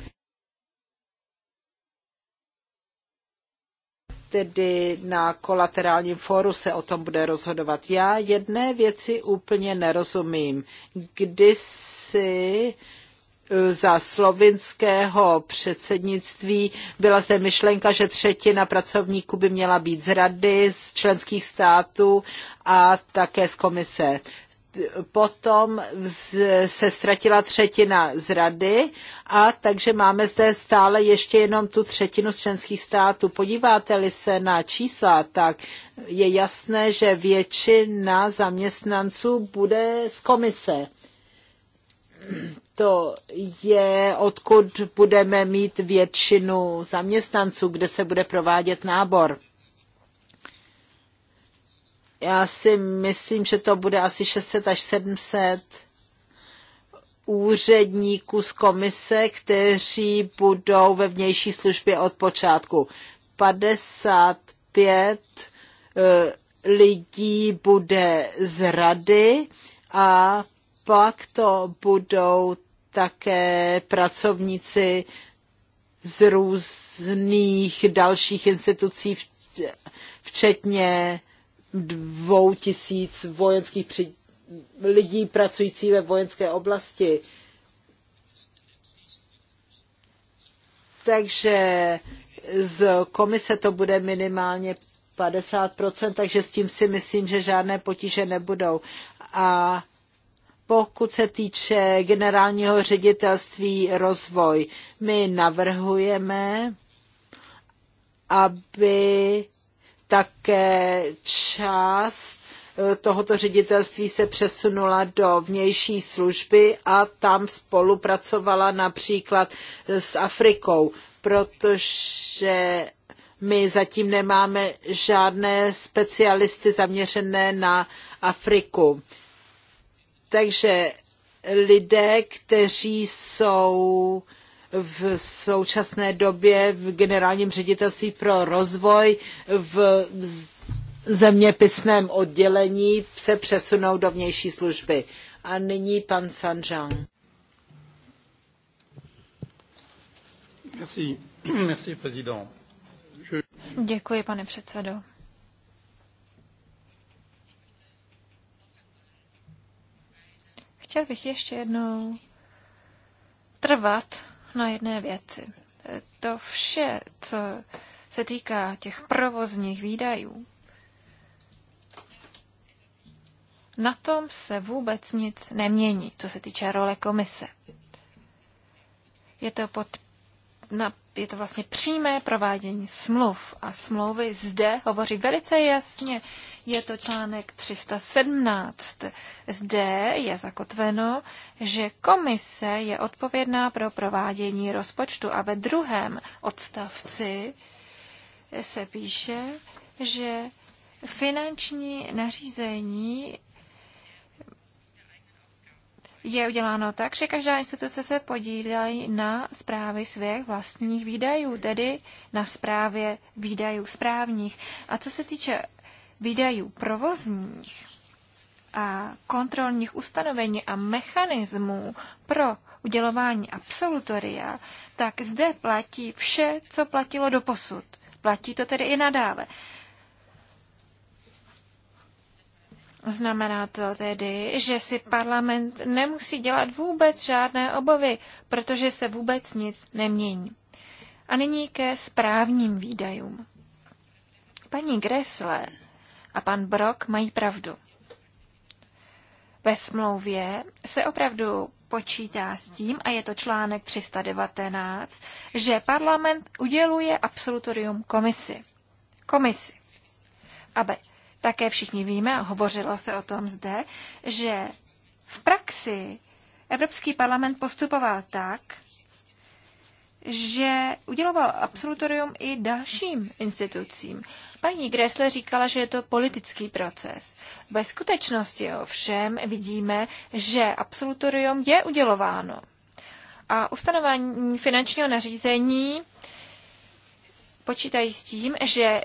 tedy na kolaterálním fóru se o tom bude rozhodovat. Já jedné věci úplně nerozumím. Kdysi eh, za slovinského předsednictví byla zde myšlenka, že třetina pracovníků by měla být z rady, z členských států a také z komise potom se ztratila třetina z rady a takže máme zde stále ještě jenom tu třetinu z členských států. Podíváte-li se na čísla, tak je jasné, že většina zaměstnanců bude z komise. To je, odkud budeme mít většinu zaměstnanců, kde se bude provádět nábor. Já si myslím, že to bude asi 600 až 700 úředníků z komise, kteří budou ve vnější službě od počátku. 55 eh, lidí bude z rady a pak to budou také pracovníci z různých dalších institucí, včetně dvou tisíc vojenských při... lidí pracující ve vojenské oblasti. Takže z komise to bude minimálně 50%, takže s tím si myslím, že žádné potíže nebudou. A pokud se týče generálního ředitelství rozvoj, my navrhujeme, aby také část eh, tohoto ředitelství se přesunula do vnější služby a tam spolupracovala například eh, s Afrikou, protože my zatím nemáme žádné specialisty zaměřené na Afriku. Takže lidé, kteří jsou v současné době v generálním ředitelství pro rozvoj v zeměpisném oddělení se přesunou do vnější služby. A nyní pan Sanjang. Merci. Merci, président. Je... Děkuji, pane předsedo. Chtěl bych ještě jednou trvat na jedné věci. To vše, co se týká těch provozních výdajů, na tom se vůbec nic nemění, co se týče role komise. Je to, pod, na, je to vlastně přímé provádění smluv a smlouvy zde hovoří velice jasně, je to článek 317. Zde je zakotveno, že komise je odpovědná pro provádění rozpočtu a ve druhém odstavci se píše, že finanční nařízení je uděláno tak, že každá instituce se podílí na zprávě svých vlastních výdajů, tedy na zprávě výdajů správních. A co se týče výdajů provozních a kontrolních ustanovení a mechanismů pro udělování absolutoria, tak zde platí vše, co platilo do posud. Platí to tedy i nadále. Znamená to tedy, že si parlament nemusí dělat vůbec žádné obavy, protože se vůbec nic nemění. A nyní ke správním výdajům. Paní Gressler a pan Brok mají pravdu. Ve smlouvě se opravdu počítá s tím, a je to článek 319, že parlament uděluje absolutorium komisi. Komisi. Aby také všichni víme, a hovořilo se o tom zde, že v praxi Evropský parlament postupoval tak, že uděloval absolutorium i dalším institucím. Paní Gressle říkala, že je to politický proces. Ve skutečnosti ovšem vidíme, že absolutorium je udělováno. A ustanovení finančního nařízení počítají s tím, že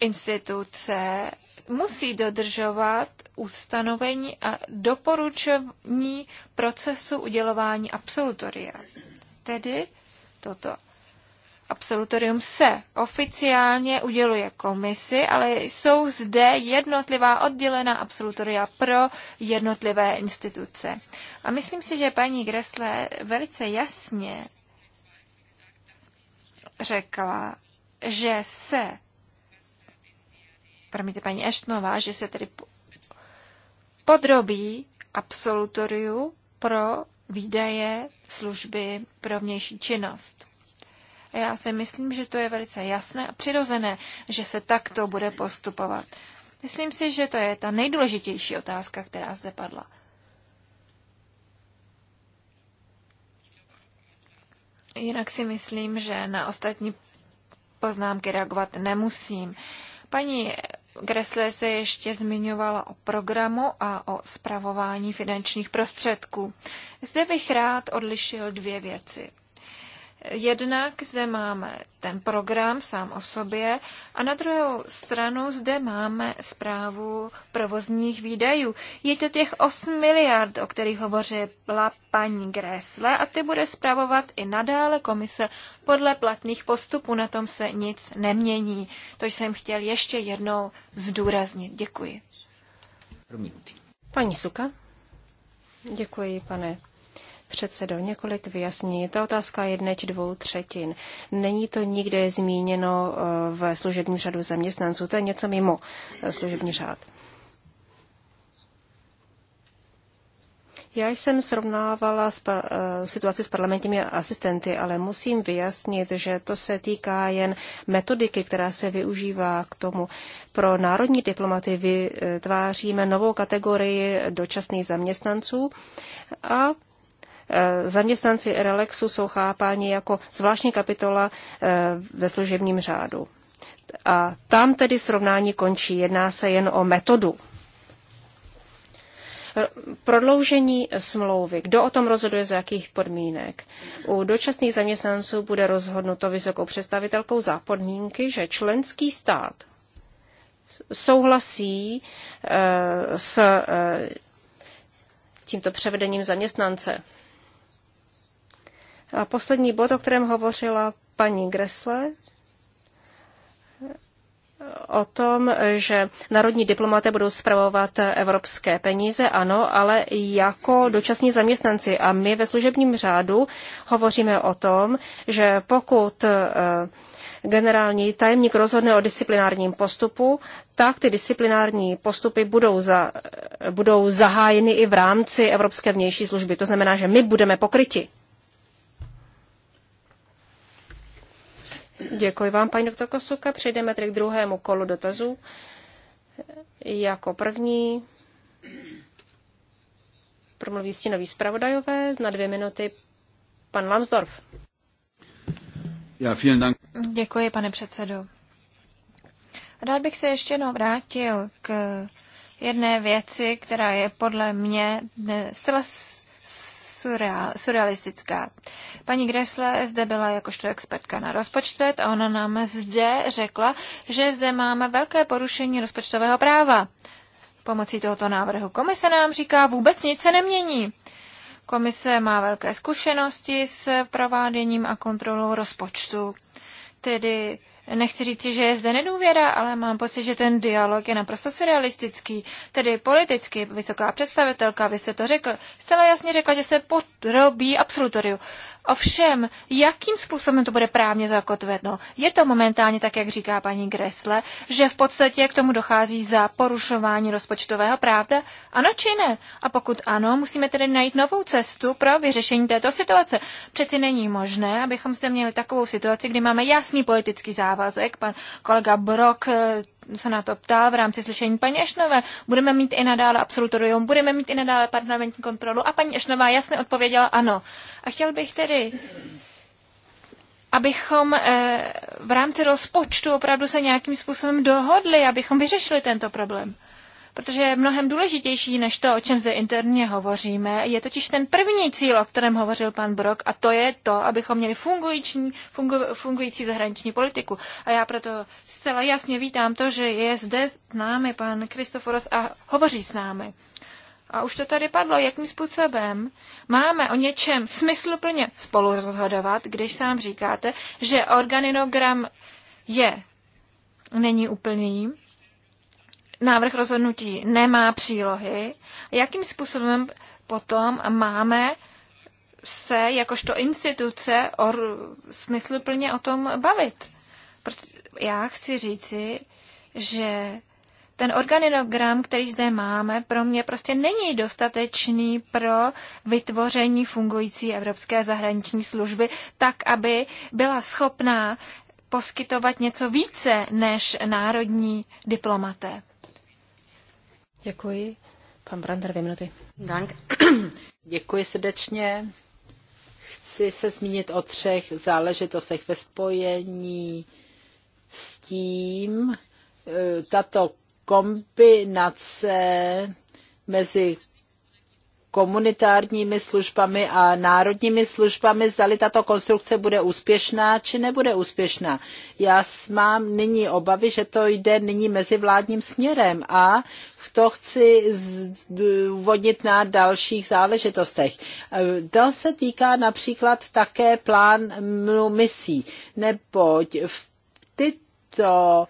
instituce musí dodržovat ustanovení a doporučení procesu udělování absolutoria. Tedy toto absolutorium se oficiálně uděluje komisi, ale jsou zde jednotlivá oddělená absolutoria pro jednotlivé instituce. A myslím si, že paní Gressle velice jasně řekla, že se, promiňte paní Eštnová, že se tedy podrobí absolutoriu pro výdaje služby pro vnější činnost já si myslím, že to je velice jasné a přirozené, že se takto bude postupovat. Myslím si, že to je ta nejdůležitější otázka, která zde padla. Jinak si myslím, že na ostatní poznámky reagovat nemusím. Paní Gressle se ještě zmiňovala o programu a o spravování finančních prostředků. Zde bych rád odlišil dvě věci. Jednak zde máme ten program sám o sobě a na druhou stranu zde máme zprávu provozních výdajů. Je to těch 8 miliard, o kterých hovořila paní Gressle a ty bude zpravovat i nadále komise podle platných postupů. Na tom se nic nemění. To jsem chtěl ještě jednou zdůraznit. Děkuji. Paní Suka. Děkuji, pane předsedo, několik vyjasnění. Ta otázka je jedné či dvou třetin. Není to nikde zmíněno eh, v služebním řadu zaměstnanců, to je něco mimo eh, služební řád. Já jsem srovnávala s, uh, situaci s parlamentními asistenty, ale musím vyjasnit, že to se týká jen metodiky, která se využívá k tomu. Pro národní diplomaty vytváříme novou kategorii dočasných zaměstnanců a Eh, zaměstnanci Relexu jsou chápáni jako zvláštní kapitola eh, ve služebním řádu. A tam tedy srovnání končí. Jedná se jen o metodu. Eh, prodloužení smlouvy. Kdo o tom rozhoduje, Za jakých podmínek? U dočasných zaměstnanců bude rozhodnuto vysokou představitelkou za podmínky, že členský stát souhlasí e, s e, tímto převedením zaměstnance. A poslední bod, o kterém hovořila paní Gresle, o tom, že národní diplomaté budou spravovat evropské peníze, ano, ale jako dočasní zaměstnanci. A my ve služebním řádu hovoříme o tom, že pokud eh, generální tajemník rozhodne o disciplinárním postupu, tak ty disciplinární postupy budou, za, budou zahájeny i v rámci Evropské vnější služby. To znamená, že my budeme pokryti. Děkuji vám, paní doktor Kosuka. Přejdeme tedy k druhému kolu dotazů. Jako první promluví stínový zpravodajové na dvě minuty pan Lamsdorf. Ja, Dank. Děkuji, pane předsedo. Rád bych se ještě jednou vrátil k jedné věci, která je podle mě zcela surreal, surrealistická. Paní Gressle zde byla jakožto expertka na rozpočtet a ona nám zde řekla, že zde máme velké porušení rozpočtového práva. Pomocí tohoto návrhu komise nám říká, vůbec nic se nemění. Komise má velké zkušenosti s prováděním a kontrolou rozpočtu. Tedy nechci říct, že je zde nedůvěra, ale mám pocit, že ten dialog je naprosto surrealistický. Tedy politicky vysoká představitelka, vy jste to řekl, zcela jasně řekla, že se podrobí absolutoriu. Ovšem, jakým způsobem to bude právně zakotveno? Je to momentálně tak, jak říká paní Gresle, že v podstatě k tomu dochází za porušování rozpočtového právda? Ano či ne? A pokud ano, musíme tedy najít novou cestu pro vyřešení této situace. Přeci není možné, abychom zde měli takovou situaci, kdy máme jasný politický závazek. Pan kolega Brok eh, se na to ptal v rámci slyšení paní Ešnové. Budeme mít i nadále absolutorium, budeme mít i nadále parlamentní kontrolu. A paní Ešnová jasně odpověděla ano. A chtěl bych tedy abychom eh, v rámci rozpočtu opravdu se nějakým způsobem dohodli, abychom vyřešili tento problém protože je mnohem důležitější než to, o čem zde interně hovoříme, je totiž ten první cíl, o kterém hovořil pan Brok, a to je to, abychom měli fungující, fungu, fungující zahraniční politiku. A já proto zcela jasně vítám to, že je zde s námi pan Kristoforos a hovoří s námi. A už to tady padlo, jakým způsobem máme o něčem smysluplně spolu rozhodovat, když sám říkáte, že organinogram je není úplný, návrh rozhodnutí nemá přílohy, jakým způsobem potom máme se jakožto instituce o, smysluplně o tom bavit. Proto já chci říci, že ten organigram, který zde máme, pro mě prostě není dostatečný pro vytvoření fungující evropské zahraniční služby, tak, aby byla schopná poskytovat něco více než národní diplomaté. Děkuji. Pan Brander, dvě minuty. Dank. Děkuji srdečně. Chci se zmínit o třech záležitostech ve spojení s tím, e, tato kombinace mezi komunitárními službami a národními službami, zdali tato konstrukce bude úspěšná či nebude úspěšná. Já mám nyní obavy, že to jde nyní mezivládním směrem a to chci zdůvodnit na dalších záležitostech. To se týká například také plánu misí, neboť v tyto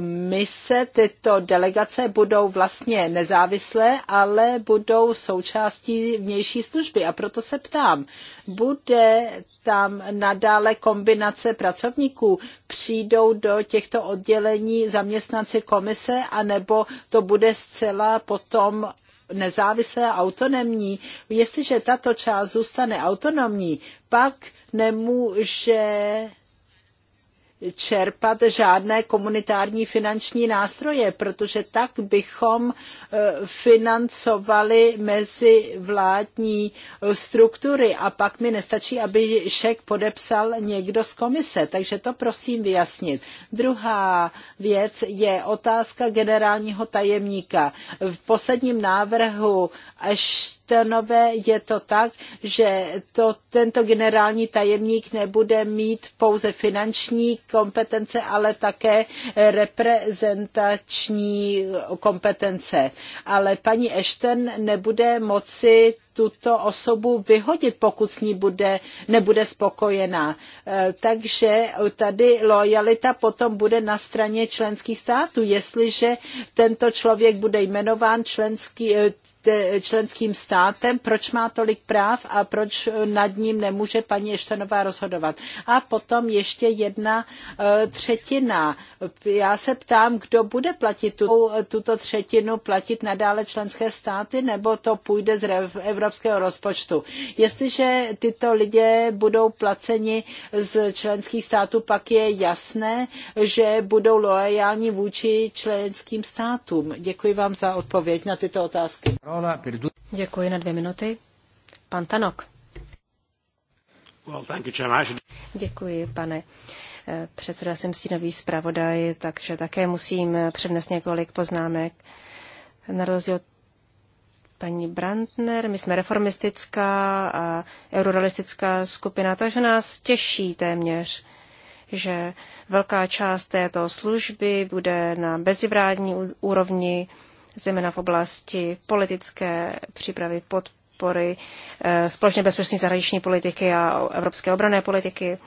mise, tyto delegace budou vlastně nezávislé, ale budou součástí vnější služby. A proto se ptám, bude tam nadále kombinace pracovníků? Přijdou do těchto oddělení zaměstnanci komise, anebo to bude zcela potom nezávislé a autonomní. Jestliže tato část zůstane autonomní, pak nemůže čerpat žádné komunitární finanční nástroje, protože tak bychom e, financovali mezi vládní struktury a pak mi nestačí, aby šek podepsal někdo z komise. Takže to prosím vyjasnit. Druhá věc je otázka generálního tajemníka. V posledním návrhu až Clintonové je to tak, že to, tento generální tajemník nebude mít pouze finanční kompetence, ale také reprezentační kompetence. Ale paní Ashton nebude moci tuto osobu vyhodit, pokud s ní bude, nebude spokojená. E, takže tady lojalita potom bude na straně členských států. Jestliže tento člověk bude jmenován členský, e, členským státem, proč má tolik práv a proč nad ním nemůže paní Eštonová rozhodovat. A potom ještě jedna e, třetina. Já se ptám, kdo bude platit tu, tuto třetinu, platit nadále členské státy, nebo to půjde z Evropské evropského rozpočtu. Jestliže tyto lidé budou placeni z členských států, pak je jasné, že budou loajální vůči členským státům. Děkuji vám za odpověď na tyto otázky. Děkuji na dvě minuty. Pan Tanok. Děkuji, pane eh, předseda, jsem si stínový zpravodaj, takže také musím přednést několik poznámek. Na rozdíl paní Brandner. My jsme reformistická a eurorealistická skupina, takže nás těší téměř, že velká část této služby bude na bezivrádní úrovni, zejména v oblasti politické přípravy podpory eh, společně bezpečné zahraniční politiky a evropské obrané politiky.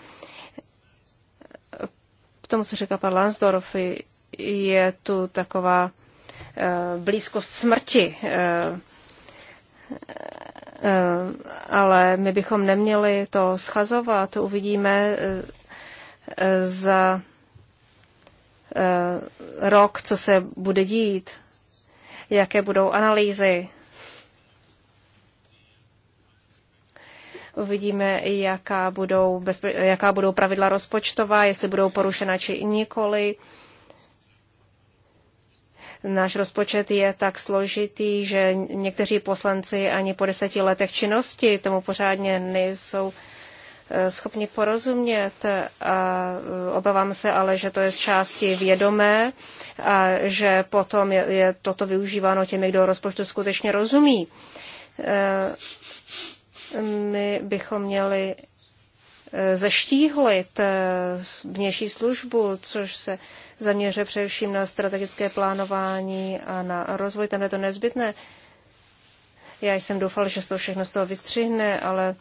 K tomu, co říká pan Lansdorf, je tu taková eh, blízkost smrti eh, Eh, ale my bychom neměli to schazovat. Uvidíme eh, za eh, rok, co se bude dít, jaké budou analýzy. Uvidíme, jaká budou, jaká budou pravidla rozpočtová, jestli budou porušena či nikoli. Náš rozpočet je tak složitý, že někteří poslanci ani po deseti letech činnosti tomu pořádně nejsou eh, schopni porozumět. A eh, obávám se ale, že to je z části vědomé a že potom je, je toto využíváno těmi, kdo rozpočtu skutečně rozumí. Eh, my bychom měli zeštíhlit vnější službu, což se zaměřuje především na strategické plánování a na rozvoj. Tam je to nezbytné. Já jsem doufal, že se to všechno z toho vystřihne, ale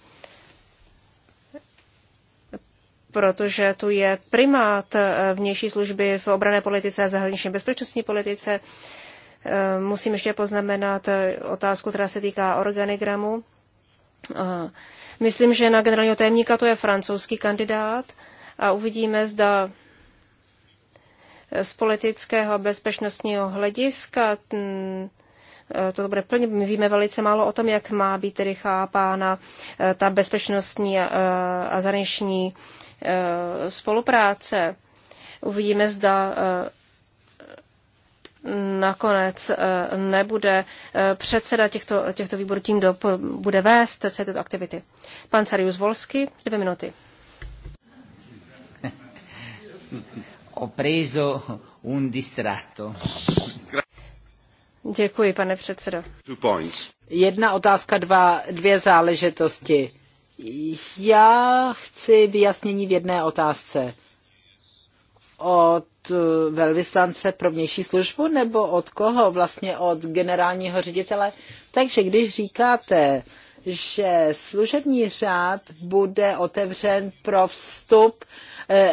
protože tu je primát vnější služby v obrané politice a zahraniční bezpečnostní politice. Eh, musím ještě poznamenat otázku, která se týká organigramu. Myslím, že na generálního tajemníka to je francouzský kandidát a uvidíme, zda z politického a bezpečnostního hlediska mm, e, to bude plně, my víme velice málo o tom, jak má být tedy chápána e, ta bezpečnostní e, a zahraniční spolupráce. Uvidíme, zda nakonec nebude předseda těchto, těchto výborů tím, kdo bude vést celé tyto aktivity. Pan Sarius Volsky, dvě minuty. ho preso un distratto. Děkuji, pane předsedo. Jedna otázka, dva, dvě záležitosti. Já chci vyjasnění v jedné otázce. Od eh, velvyslance pro vnější službu nebo od koho? Vlastně od generálního ředitele. Takže když říkáte, že služební řád bude otevřen pro vstup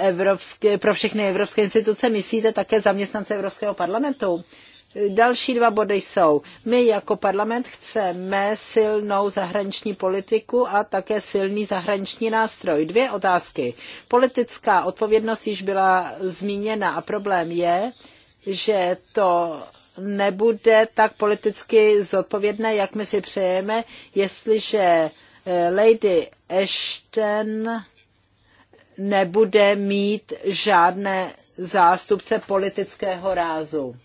evropské, pro všechny evropské instituce myslíte také zaměstnance Evropského parlamentu? Další dva body jsou. My jako parlament chceme silnou zahraniční politiku a také silný zahraniční nástroj. Dvě otázky. Politická odpovědnost již byla zmíněna a problém je, že to nebude tak politicky zodpovědné, jak my si přejeme, jestliže eh, Lady Ashton nebude mít žádné zástupce politického rázu.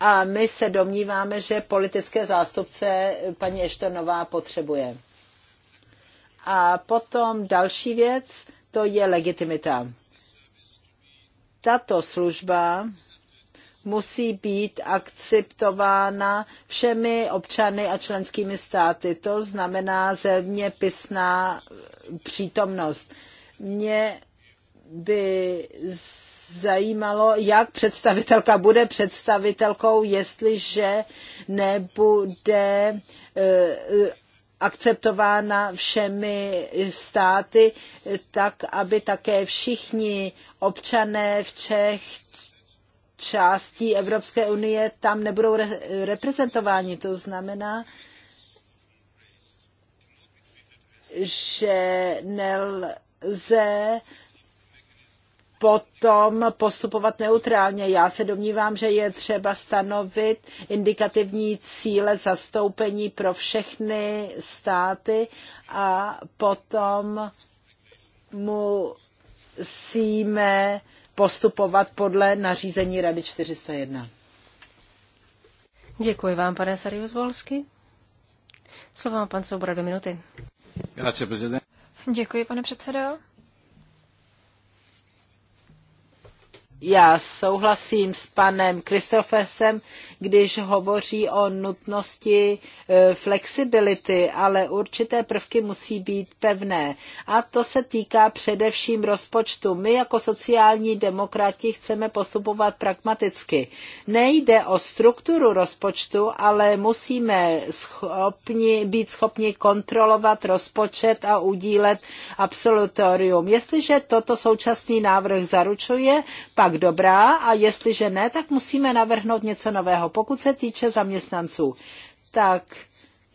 A my se domníváme, že politické zástupce paní Eštonová potřebuje. A potom další věc, to je legitimita. Tato služba musí být akceptována všemi občany a členskými státy. To znamená zeměpisná přítomnost. Mě by zajímalo, jak představitelka bude představitelkou, jestliže nebude e, e, akceptována všemi státy, tak aby také všichni občané v Čech, částí Evropské unie tam nebudou re- reprezentováni. To znamená, že nelze potom postupovat neutrálně. Já se domnívám, že je třeba stanovit indikativní cíle zastoupení pro všechny státy a potom musíme postupovat podle nařízení Rady 401. Děkuji vám, pane Sarius Volsky. Slovo má pan Soubora do minuty. Děkuji, pane předsedo. já souhlasím s panem Kristofersem, když hovoří o nutnosti e, flexibility, ale určité prvky musí být pevné. A to se týká především rozpočtu. My jako sociální demokrati chceme postupovat pragmaticky. Nejde o strukturu rozpočtu, ale musíme schopni, být schopni kontrolovat rozpočet a udílet absolutorium. Jestliže toto současný návrh zaručuje, pak pak dobrá a jestliže ne, tak musíme navrhnout něco nového. Pokud se týče zaměstnanců, tak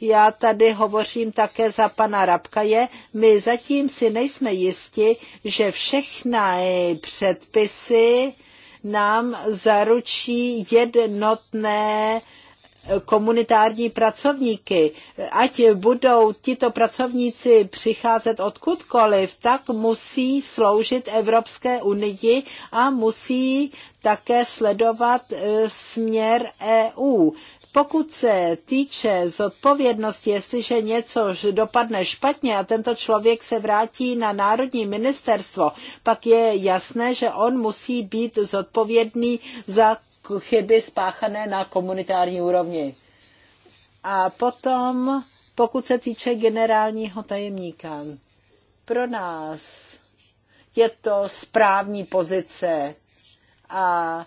já tady hovořím také za pana Rabkaje, my zatím si nejsme jisti, že všechny předpisy nám zaručí jednotné komunitární pracovníky. Ať budou tito pracovníci přicházet odkudkoliv, tak musí sloužit Evropské unii a musí také sledovat e, směr EU. Pokud se týče zodpovědnosti, jestliže něco dopadne špatně a tento člověk se vrátí na národní ministerstvo, pak je jasné, že on musí být zodpovědný za jako chyby spáchané na komunitární úrovni. A potom, pokud se týče generálního tajemníka, pro nás je to správní pozice a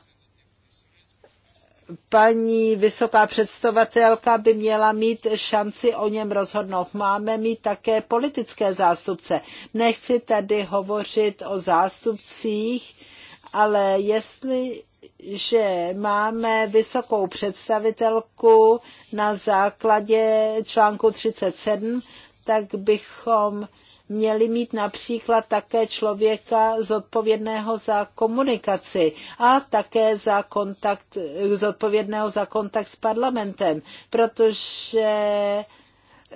paní vysoká představitelka by měla mít šanci o něm rozhodnout. Máme mít také politické zástupce. Nechci tady hovořit o zástupcích, ale jestli že máme vysokou představitelku na základě článku 37, tak bychom měli mít například také člověka zodpovědného za komunikaci a také za kontakt, zodpovědného za kontakt s parlamentem, protože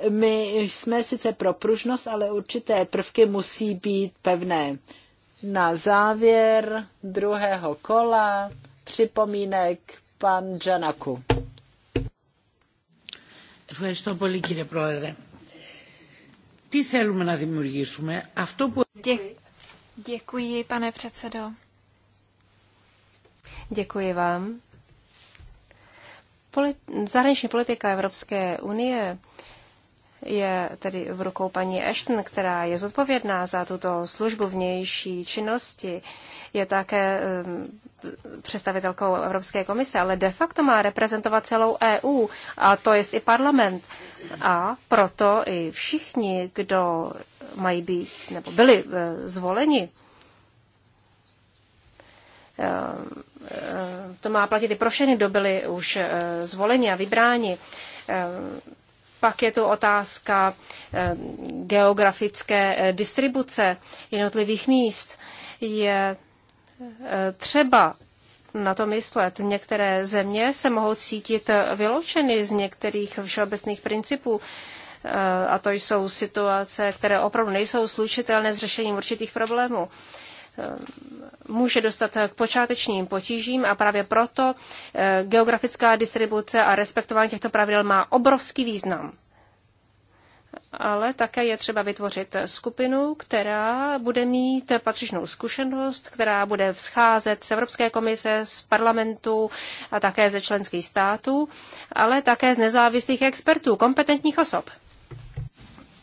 my jsme sice pro pružnost, ale určité prvky musí být pevné. Na závěr druhého kola připomínek pan Janaku. Děkuji, pane předsedo. Děkuji vám. Polit- zahraniční politika Evropské unie je tedy v rukou paní Ashton, která je zodpovědná za tuto službu vnější činnosti. Je také představitelkou Evropské komise, ale de facto má reprezentovat celou EU, a to jest i parlament. A proto i všichni, kdo mají být nebo byli eh, zvoleni, eh, to má platit i pro všechny, kdo byli už eh, zvoleni a vybráni. Pak je tu otázka geografické distribuce jednotlivých míst. Je třeba na to myslet. Některé země se mohou cítit vyloučeny z některých všeobecných principů eh, a to jsou situace, které opravdu nejsou slučitelné s řešením určitých problémů. Eh, může dostat k počátečním potížím a právě proto eh, geografická distribuce a respektování těchto pravidel má obrovský význam ale také je třeba vytvořit skupinu, která bude mít patřičnou zkušenost, která bude vzcházet z Evropské komise, z parlamentu a také ze členských států, ale také z nezávislých expertů, kompetentních osob.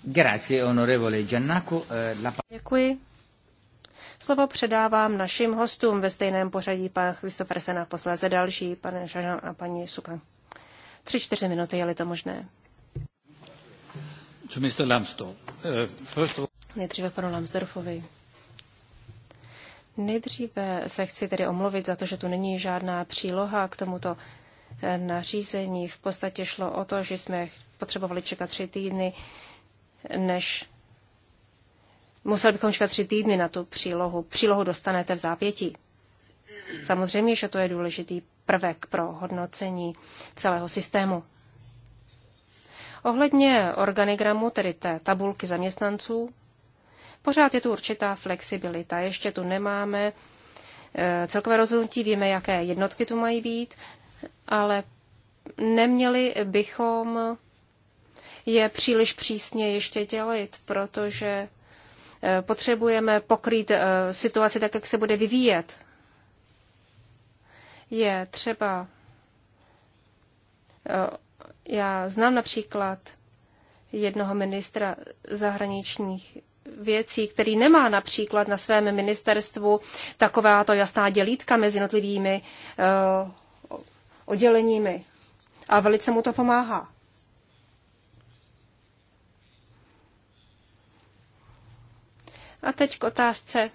Grazie, onorevole Giannaku. Eh, la... Děkuji. Slovo předávám našim hostům ve stejném pořadí, pan Christopher Sena, posléze další, pane Žažan a paní Suka. Tři, čtyři minuty, je-li to možné to Mr. Lambsdorff. Eh, first of... Nejdříve panu Lambsdorffovi. Nejdříve se chci tedy omluvit za to, že tu není žádná příloha k tomuto eh, nařízení. V podstatě šlo o to, že jsme potřebovali čekat tři týdny, než museli bychom čekat tři týdny na tu přílohu. Přílohu dostanete v zápětí. Samozřejmě, že to je důležitý prvek pro hodnocení celého systému. Ohledně organigramu, tedy té tabulky zaměstnanců, pořád je tu určitá flexibilita. Ještě tu nemáme e, celkové rozhodnutí, víme, jaké jednotky tu mají být, ale neměli bychom je příliš přísně ještě dělit, protože e, potřebujeme pokrýt e, situaci tak, jak se bude vyvíjet. Je třeba já znám například jednoho ministra zahraničních věcí, který nemá například na svém ministerstvu to jasná dělítka mezi jednotlivými uh, odděleními. A velice mu to pomáhá. A teď k otázce.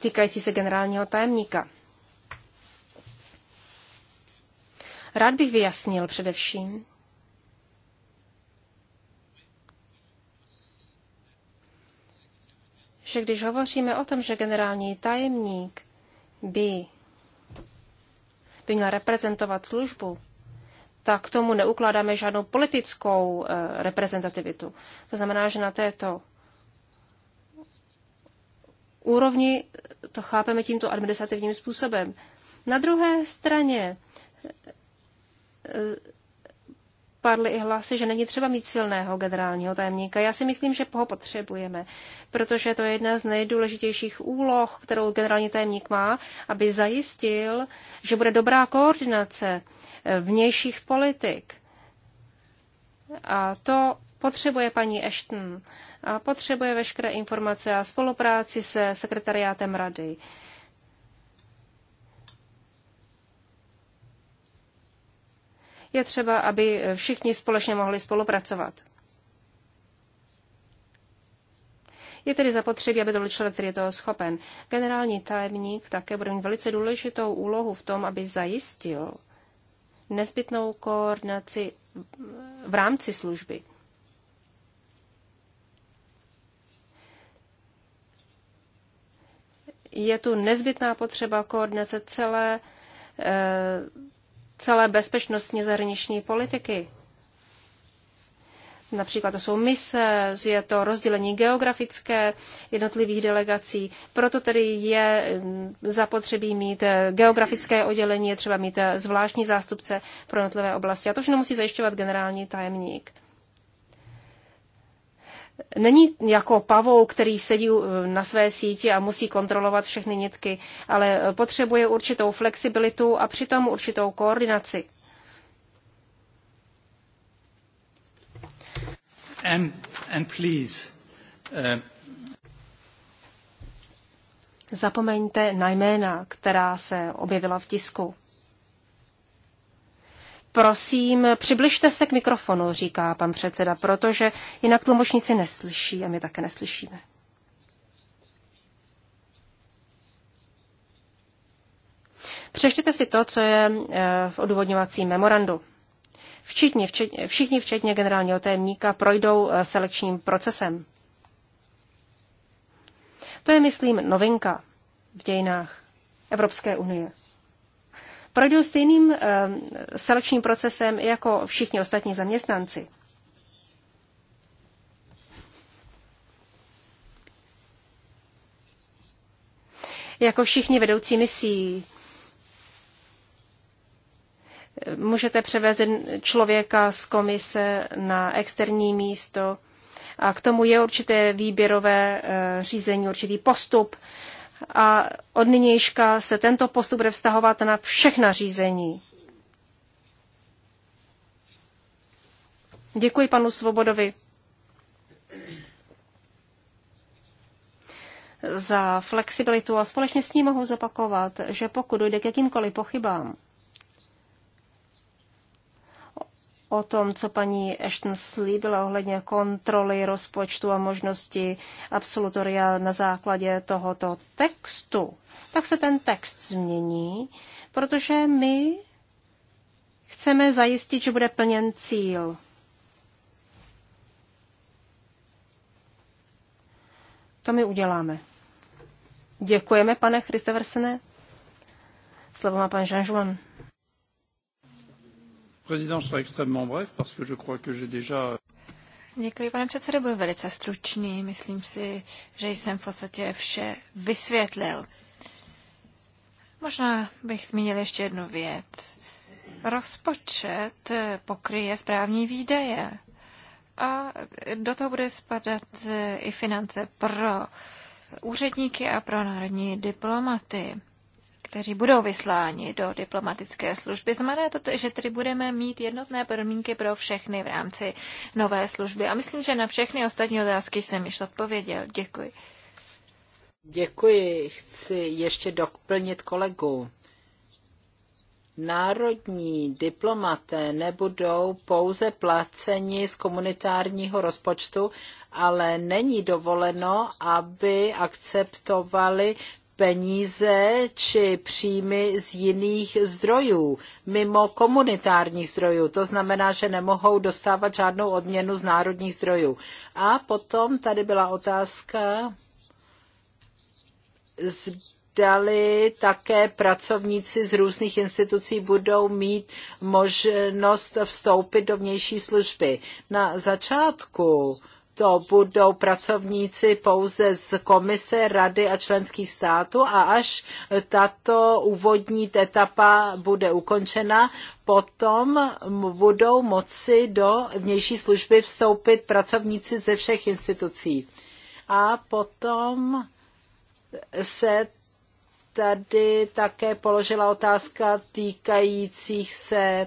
Týkající se generálního tajemníka. Rád bych vyjasnil především, že když hovoříme o tom, že generální tajemník by, by měl reprezentovat službu, tak k tomu neukládáme žádnou politickou eh, reprezentativitu. To znamená, že na této úrovni to chápeme tímto administrativním způsobem. Na druhé straně padly i hlasy, že není třeba mít silného generálního tajemníka. Já si myslím, že ho potřebujeme, protože to je jedna z nejdůležitějších úloh, kterou generální tajemník má, aby zajistil, že bude dobrá koordinace eh, vnějších politik. A to potřebuje paní Ashton a potřebuje veškeré informace a spolupráci se sekretariátem rady. je třeba, aby všichni společně mohli spolupracovat. Je tedy zapotřebí, aby to byl člověk, který je toho schopen. Generální tajemník také bude mít velice důležitou úlohu v tom, aby zajistil nezbytnou koordinaci v rámci služby. Je tu nezbytná potřeba koordinace celé eh, celé bezpečnostní zahraniční politiky. Například to jsou mise, je to rozdělení geografické jednotlivých delegací. Proto tedy je mm, zapotřebí mít eh, geografické oddělení, je třeba mít eh, zvláštní zástupce pro jednotlivé oblasti. A to všechno musí zajišťovat generální tajemník není jako pavou, který sedí uh, na své síti a musí kontrolovat všechny nitky, ale uh, potřebuje určitou flexibilitu a přitom určitou koordinaci. And, and please, uh... Zapomeňte na jména, která se objevila v tisku. Prosím, přibližte se k mikrofonu, říká pan předseda, protože jinak tlumočníci neslyší a my také neslyšíme. Přečtěte si to, co je eh, v odůvodňovacím memorandu. Včetně, včetně, všichni, včetně generálního tajemníka, projdou eh, selekčním procesem. To je, myslím, novinka v dějinách Evropské unie projdou stejným eh, selekčním procesem jako všichni ostatní zaměstnanci. Jako všichni vedoucí misí můžete převést člověka z komise na externí místo. A k tomu je určité výběrové eh, řízení, určitý postup, a od nynějška se tento postup bude vztahovat na všechna řízení. Děkuji panu Svobodovi za flexibilitu a společně s ním mohu zopakovat, že pokud dojde k jakýmkoliv pochybám, o tom, co paní Ashton slíbila ohledně kontroly rozpočtu a možnosti absolutoria na základě tohoto textu, tak se ten text změní, protože my chceme zajistit, že bude plněn cíl. To my uděláme. Děkujeme, pane Christoversene. Slovo má pan Jean-Juan. Děkuji, pane předsedo, byl velice stručný. Myslím si, že jsem v podstatě vše vysvětlil. Možná bych zmínil ještě jednu věc. Rozpočet pokryje správní výdaje a do toho bude spadat i finance pro úředníky a pro národní diplomaty kteří budou vysláni do diplomatické služby. Znamená to, že tedy budeme mít jednotné podmínky pro všechny v rámci nové služby. A myslím, že na všechny ostatní otázky jsem již odpověděl. Děkuji. Děkuji. Chci ještě doplnit kolegu. Národní diplomaté nebudou pouze placeni z komunitárního rozpočtu, ale není dovoleno, aby akceptovali peníze či příjmy z jiných zdrojů, mimo komunitárních zdrojů. To znamená, že nemohou dostávat žádnou odměnu z národních zdrojů. A potom tady byla otázka, zdali také pracovníci z různých institucí budou mít možnost vstoupit do vnější služby. Na začátku to budou pracovníci pouze z komise, rady a členských států a až tato úvodní etapa bude ukončena, potom budou moci do vnější služby vstoupit pracovníci ze všech institucí. A potom se tady také položila otázka týkajících se e,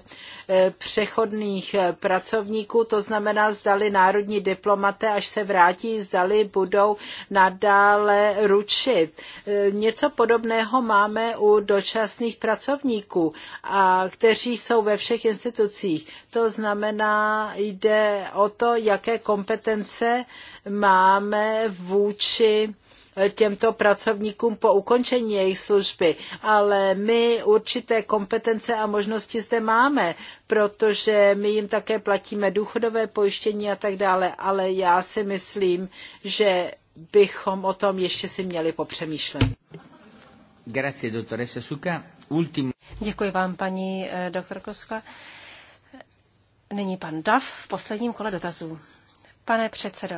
přechodných e, pracovníků, to znamená, zdali národní diplomaté, až se vrátí, zdali budou nadále ručit. E, něco podobného máme u dočasných pracovníků, a kteří jsou ve všech institucích. To znamená, jde o to, jaké kompetence máme vůči těmto pracovníkům po ukončení jejich služby, ale my určité kompetence a možnosti zde máme, protože my jim také platíme důchodové pojištění a tak dále, ale já si myslím, že bychom o tom ještě si měli popřemýšlet. Grazie, doktoresa Suka. Ultim... Děkuji vám, paní eh, doktorko Suka. Nyní pan Dav v posledním kole dotazů. Pane předsedo,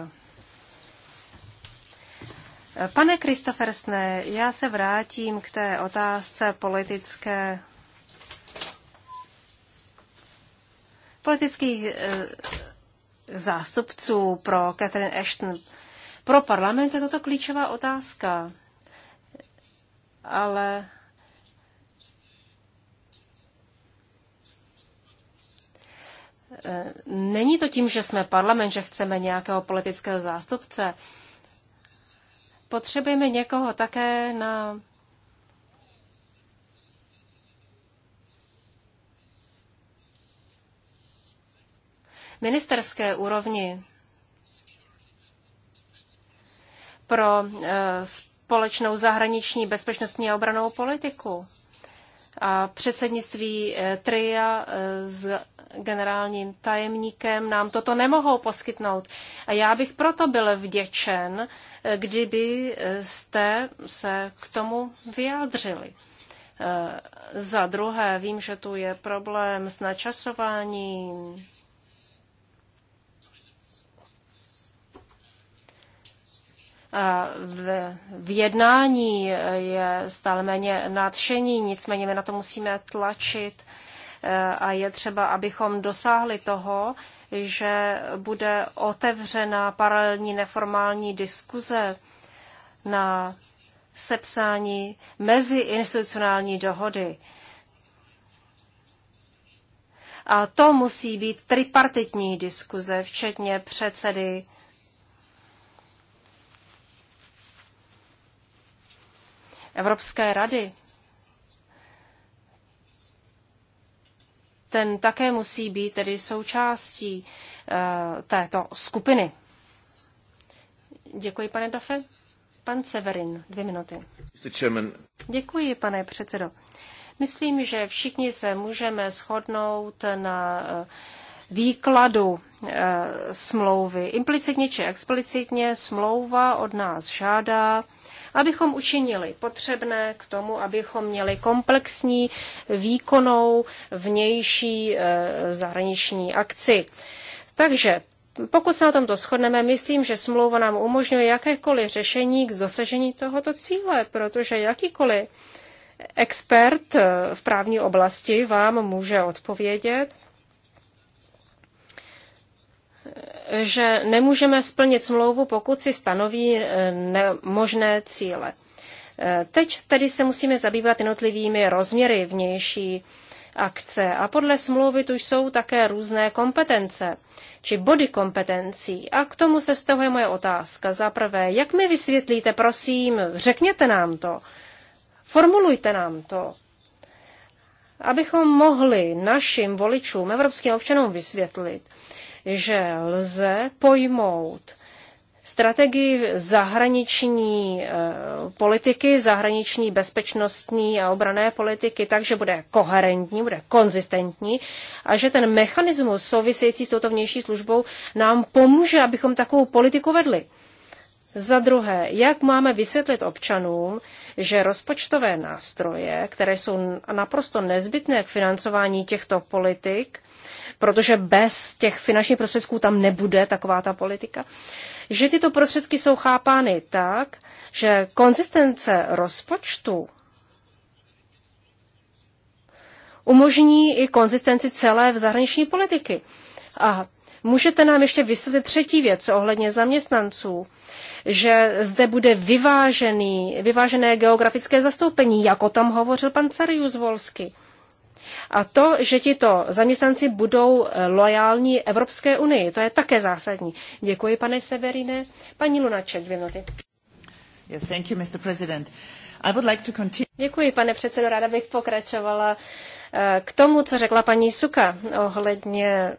Pane Kristofersne, já se vrátím k té otázce politické politických eh, zástupců pro Catherine Ashton. Pro parlament je toto klíčová otázka, ale eh, není to tím, že jsme parlament, že chceme nějakého politického zástupce. Potřebujeme někoho také na ministerské úrovni pro eh, společnou zahraniční bezpečnostní a obranou politiku. A předsednictví eh, TRIA eh, generálním tajemníkem, nám toto nemohou poskytnout. A já bych proto byl vděčen, kdyby eh, jste se k tomu vyjádřili. Eh, za druhé, vím, že tu je problém s načasováním. V, v jednání je stále méně nadšení, nicméně my na to musíme tlačit. Uh, a je třeba, abychom dosáhli toho, že bude otevřena paralelní neformální diskuze na sepsání meziinstitucionální dohody. A to musí být tripartitní diskuze, včetně předsedy Evropské rady. ten také musí být tedy součástí uh, této skupiny. Děkuji, pane Dafe. Pan Severin, dvě minuty. Děkuji, pane předsedo. Myslím, že všichni se můžeme shodnout na eh, výkladu eh, smlouvy. Implicitně či explicitně smlouva od nás žádá abychom učinili potřebné k tomu, abychom měli komplexní, výkonnou vnější eh, zahraniční akci. Takže pokud se na tomto shodneme, myslím, že smlouva nám umožňuje jakékoliv řešení k dosažení tohoto cíle, protože jakýkoliv expert eh, v právní oblasti vám může odpovědět, že nemůžeme splnit smlouvu, pokud si stanoví eh, možné cíle. Eh, teď tedy se musíme zabývat jednotlivými rozměry vnější akce a podle smlouvy tu jsou také různé kompetence či body kompetencí. A k tomu se vztahuje moje otázka. Za prvé, jak mi vysvětlíte, prosím, řekněte nám to, formulujte nám to, abychom mohli našim voličům, evropským občanům vysvětlit, že lze pojmout strategii zahraniční eh, politiky, zahraniční bezpečnostní a obrané politiky tak, že bude koherentní, bude konzistentní a že ten mechanismus související s touto vnější službou nám pomůže, abychom takovou politiku vedli. Za druhé, jak máme vysvětlit občanům, že rozpočtové nástroje, které jsou naprosto nezbytné k financování těchto politik, protože bez těch finančních prostředků tam nebude taková ta politika, že tyto prostředky jsou chápány tak, že konzistence rozpočtu umožní i konzistenci celé v zahraniční politiky. A Můžete nám ještě vysvětlit třetí věc ohledně zaměstnanců, že zde bude vyvážený, vyvážené geografické zastoupení, jako tam hovořil pan Carius Volsky. A to, že tito zaměstnanci budou eh, loajální Evropské unii, to je také zásadní. Děkuji, pane Severine. Paní Lunaček, dvě minuty. Yes, thank you, Mr. President. I would like to continue. Děkuji, pane předsedo, ráda bych pokračovala eh, k tomu, co řekla paní Suka ohledně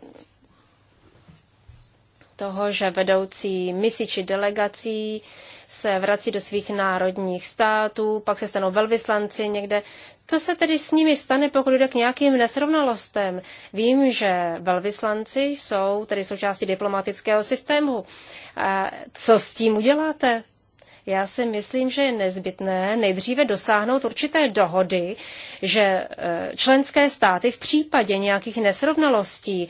toho, že vedoucí misi či delegací se vrací do svých národních států, pak se stanou velvyslanci někde. Co se tedy s nimi stane, pokud jde k nějakým nesrovnalostem? Vím, že velvyslanci jsou tedy součástí diplomatického systému. co s tím uděláte? Já si myslím, že je nezbytné nejdříve dosáhnout určité dohody, že e, členské státy v případě nějakých nesrovnalostí e,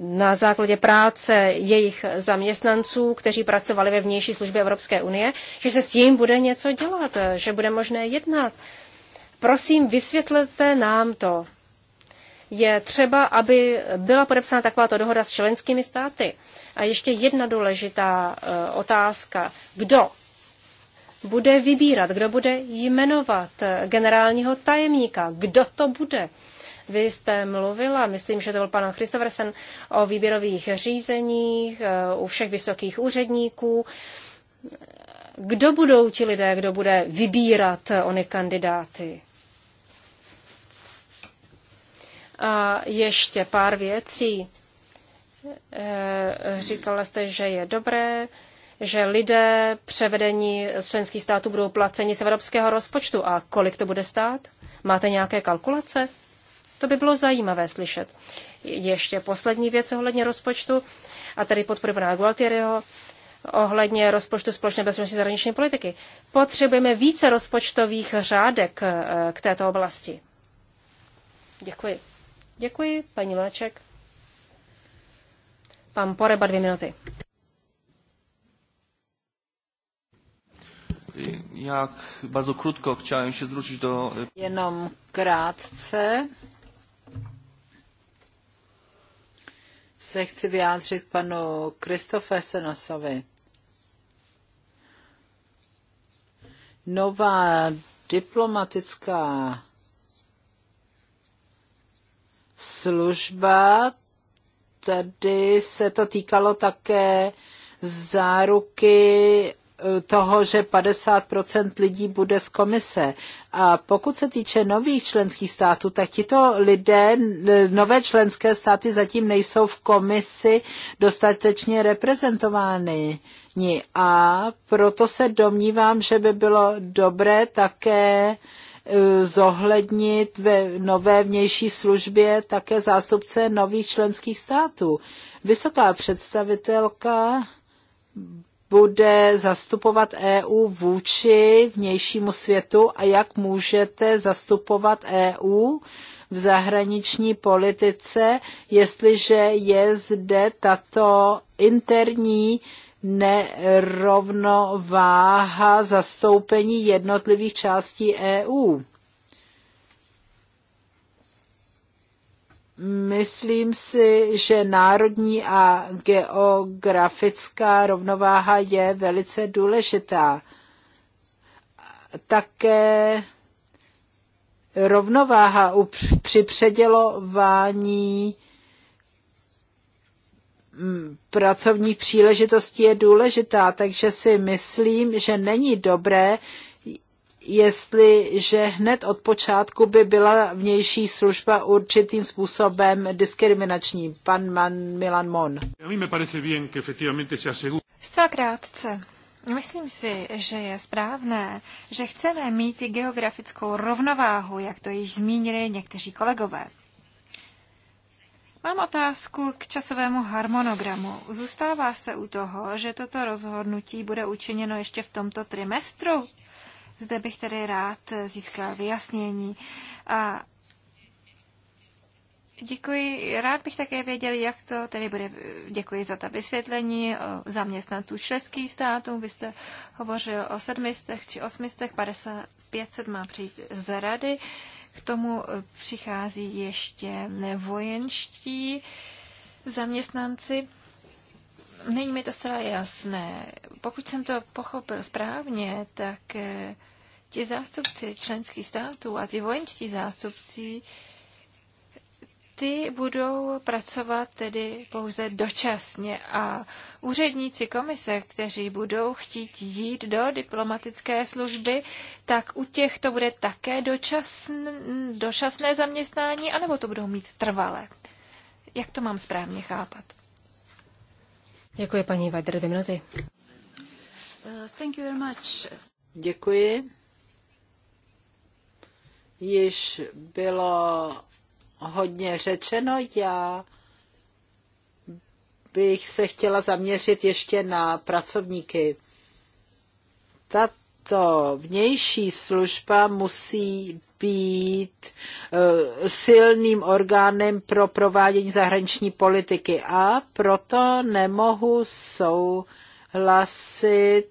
na základě práce jejich zaměstnanců, kteří pracovali ve vnější službě Evropské unie, že se s tím bude něco dělat, e, že bude možné jednat. Prosím, vysvětlete nám to. Je třeba, aby byla podepsána takováto dohoda s členskými státy. A ještě jedna důležitá eh, otázka. Kdo bude vybírat, kdo bude jmenovat eh, generálního tajemníka, kdo to bude? Vy jste mluvila, myslím, že to byl pan Christoversen, o výběrových řízeních eh, u všech vysokých úředníků. Kdo budou ti lidé, kdo bude vybírat ony kandidáty? A ještě pár věcí Eh, říkala jste, že je dobré, že lidé převedení z členských států budou placeni z evropského rozpočtu. A kolik to bude stát? Máte nějaké kalkulace? To by bylo zajímavé slyšet. Ještě poslední věc ohledně rozpočtu, a tady podpory pana Gualtieriho, ohledně rozpočtu společné bezpečnostní zahraniční politiky. Potřebujeme více rozpočtových řádek eh, k této oblasti. Děkuji. Děkuji, paní Léček. Pan Poreba, dvě minuty. Jak bardzo krótko chciałem się zwrócić do... Jenom krátce se chci vyjádřit panu Kristofersenosovi. Nová diplomatická služba tady se to týkalo také záruky e, toho, že 50% lidí bude z komise. A pokud se týče nových členských států, tak tito lidé, e, nové členské státy zatím nejsou v komisi dostatečně reprezentovány. A proto se domnívám, že by bylo dobré také Eh, zohlednit ve nové vnější službě také zástupce nových členských států. Vysoká představitelka bude zastupovat EU vůči vnějšímu světu a jak můžete zastupovat EU v zahraniční politice, jestliže je zde tato interní nerovnováha zastoupení jednotlivých částí EU. Myslím si, že národní a geografická rovnováha je velice důležitá. Také rovnováha při předělování Mm, pracovní příležitosti je důležitá, takže si myslím, že není dobré, jestli že hned od počátku by byla vnější služba určitým způsobem diskriminační. Pan Man, Milan Mon. Zcela krátce. Myslím si, že je správné, že chceme mít i geografickou rovnováhu, jak to již zmínili někteří kolegové. Mám otázku k časovému harmonogramu. Zůstává se u toho, že toto rozhodnutí bude učiněno ještě v tomto trimestru? Zde bych tedy rád získal vyjasnění. A Děkuji. Rád bych také věděl, jak to tedy bude. Děkuji za ta vysvětlení o zaměstnanců členských států. Vy jste hovořil o sedmistech či osmistech, 55 500 má přijít z rady. K tomu eh, přichází ještě vojenští zaměstnanci. Není mi to zcela jasné. Pokud jsem to pochopil správně, tak eh, ti zástupci členských států a ti vojenští zástupci ty budou pracovat tedy pouze dočasně a úředníci komise, kteří budou chtít jít do diplomatické služby, tak u těch to bude také dočasn, dočasné zaměstnání, anebo to budou mít trvalé. Jak to mám správně chápat? Děkuji, paní Vajder, dvě minuty. Uh, thank you very much. Děkuji. Již bylo hodně řečeno. Já bych se chtěla zaměřit ještě na pracovníky. Tato vnější služba musí být eh, silným orgánem pro provádění zahraniční politiky a proto nemohu souhlasit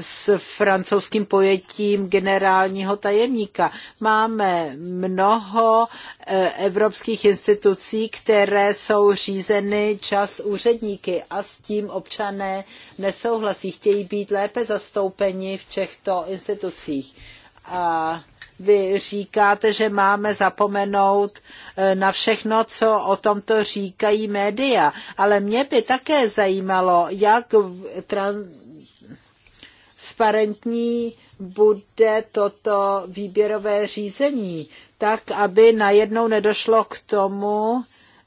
s francouzským pojetím generálního tajemníka. Máme mnoho e, evropských institucí, které jsou řízeny čas úředníky a s tím občané nesouhlasí. Chtějí být lépe zastoupeni v těchto institucích. A vy říkáte, že máme zapomenout e, na všechno, co o tomto říkají média. Ale mě by také zajímalo, jak tran- transparentní bude toto výběrové řízení, tak aby najednou nedošlo k tomu,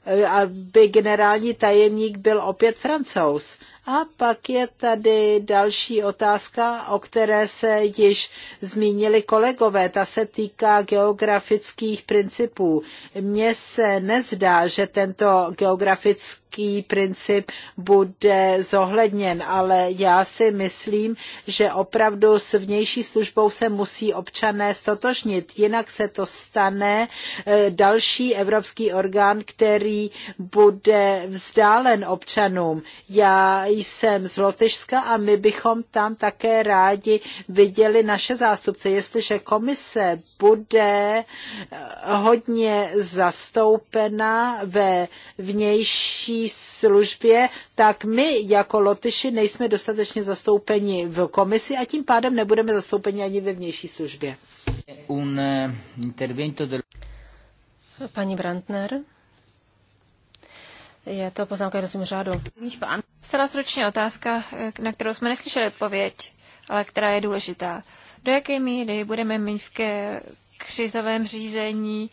eh, aby generální tajemník byl opět francouz. A pak je tady další otázka, o které se již zmínili kolegové. Ta se týká geografických principů. Mně se nezdá, že tento geografický princip bude zohledněn, ale já si myslím, že opravdu s vnější službou se musí občané stotožnit, jinak se to stane eh, další evropský orgán, který bude vzdálen občanům. Já jsem z Lotyšska a my bychom tam také rádi viděli naše zástupce. Jestliže komise bude eh, hodně zastoupena ve vnější službě, tak my jako Lotyši nejsme dostatečně zastoupeni v komisi a tím pádem nebudeme zastoupeni ani ve vnější službě. Un eh, intervento del... Pani Brandner. Je to poznámka jednacímu řádu. Stala stručně otázka, na kterou jsme neslyšeli odpověď, ale která je důležitá. Do jaké míry budeme mít v ke křizovém řízení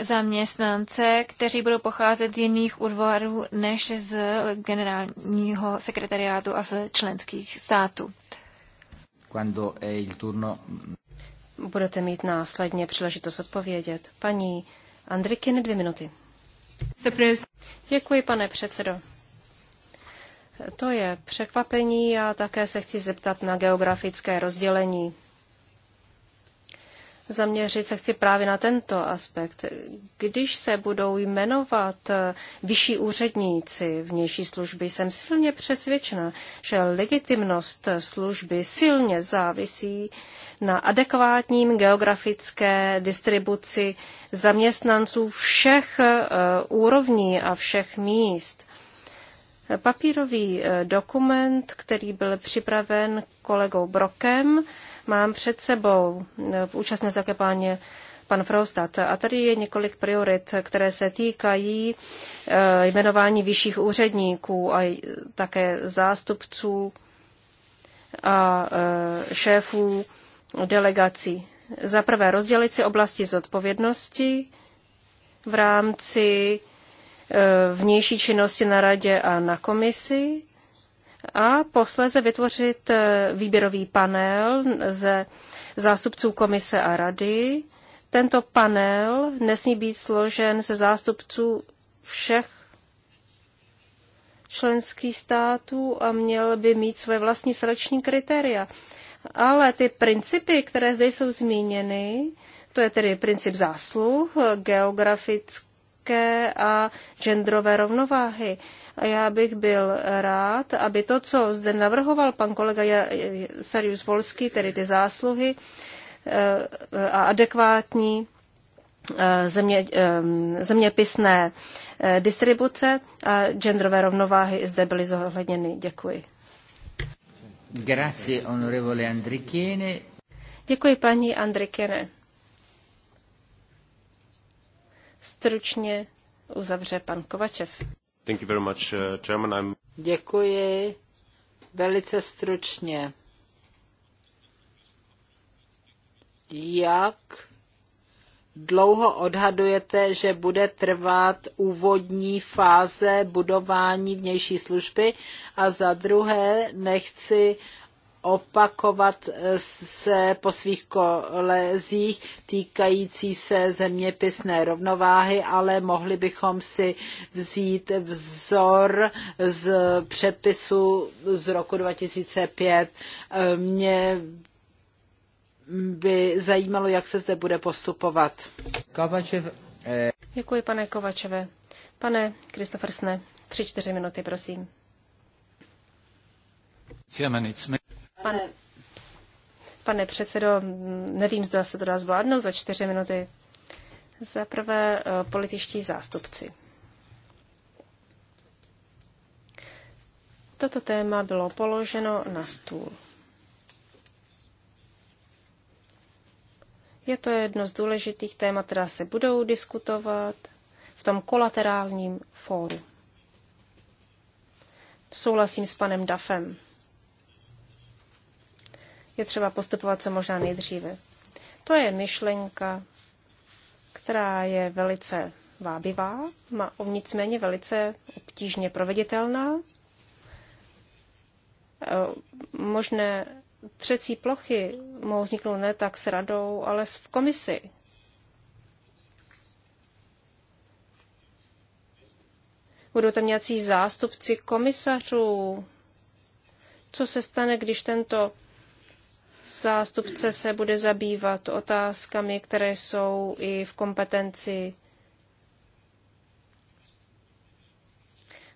zaměstnance, kteří budou pocházet z jiných útvarů než z generálního sekretariátu a z členských států? Budete mít následně příležitost odpovědět. Paní Andrikin, dvě minuty. Děkuji, pane předsedo. To je překvapení a také se chci zeptat na geografické rozdělení zaměřit se chci právě na tento aspekt. Když se budou jmenovat eh, vyšší úředníci vnější služby, jsem silně přesvědčena, že legitimnost služby silně závisí na adekvátním geografické distribuci zaměstnanců všech eh, úrovní a všech míst. Papírový eh, dokument, který byl připraven kolegou Brokem, mám před sebou. Eh, v účastné zakepáně pan Frostat. A tady je několik priorit, které se týkají eh, jmenování vyšších úředníků a také zástupců a eh, šéfů delegací. Za prvé rozdělit si oblasti zodpovědnosti v rámci vnější činnosti na radě a na komisi a posléze vytvořit eh, výběrový panel ze zástupců komise a rady. Tento panel nesmí být složen ze zástupců všech členských států a měl by mít své vlastní selekční kritéria. Ale ty principy, které zde jsou zmíněny, to je tedy princip zásluh, geografické a genderové rovnováhy. A já bych byl rád, aby to, co zde navrhoval pan kolega Sarius Volský, tedy ty zásluhy eh, a adekvátní eh, země, eh, zeměpisné distribuce a genderové rovnováhy zde byly zohledněny. Děkuji. Grazie, onorevole Andrikiene. Děkuji, paní Andrikiene. Stručně uzavře pan Kovačev. Thank you very much, uh, Chairman. I'm... Děkuji. Velice stručně. Jak dlouho odhadujete, že bude trvat úvodní fáze budování vnější služby? A za druhé, nechci opakovat eh, se po svých kolezích týkající se zeměpisné rovnováhy, ale mohli bychom si vzít vzor z předpisu z roku 2005. Eh, mě by zajímalo, jak se zde bude postupovat. Kovačev, eh... Děkuji, pane Kovačeve. Pane Kristofersne, tři, čtyři minuty, prosím. Pane, pane předsedo, nevím, zda se to dá zvládnout za čtyři minuty. Za prvé eh, političtí zástupci. Toto téma bylo položeno na stůl. Je to jedno z důležitých témat, která se budou diskutovat v tom kolaterálním fóru. Souhlasím s panem Dafem je třeba postupovat co možná nejdříve. To je myšlenka, která je velice vábivá, má nicméně velice obtížně proveditelná. Eh, možné třecí plochy mohou vzniknout ne tak s radou, ale v komisi. Budou tam nějací zástupci komisařů. Co se stane, když tento zástupce se bude zabývat otázkami, které jsou i v kompetenci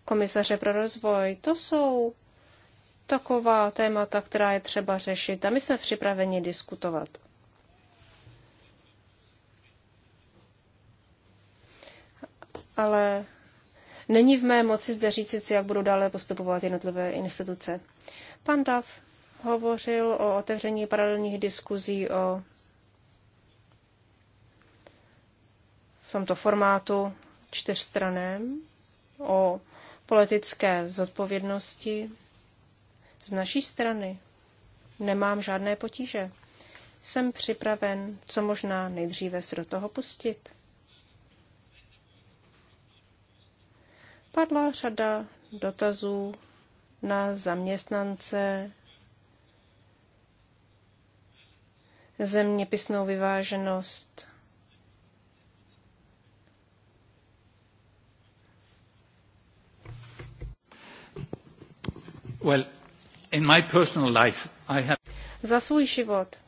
komisaře pro rozvoj. To jsou taková témata, která je třeba řešit a my jsme připraveni diskutovat. Ale není v mé moci zde říct si, jak budou dále postupovat jednotlivé instituce. Pan Dav hovořil o otevření paralelních diskuzí o v tomto formátu čtyřstraném, o politické zodpovědnosti. Z naší strany nemám žádné potíže. Jsem připraven co možná nejdříve se do toho pustit. Padla řada dotazů na zaměstnance zeměpisnou vyváženost. Well, in my personal life, I have... Za svůj život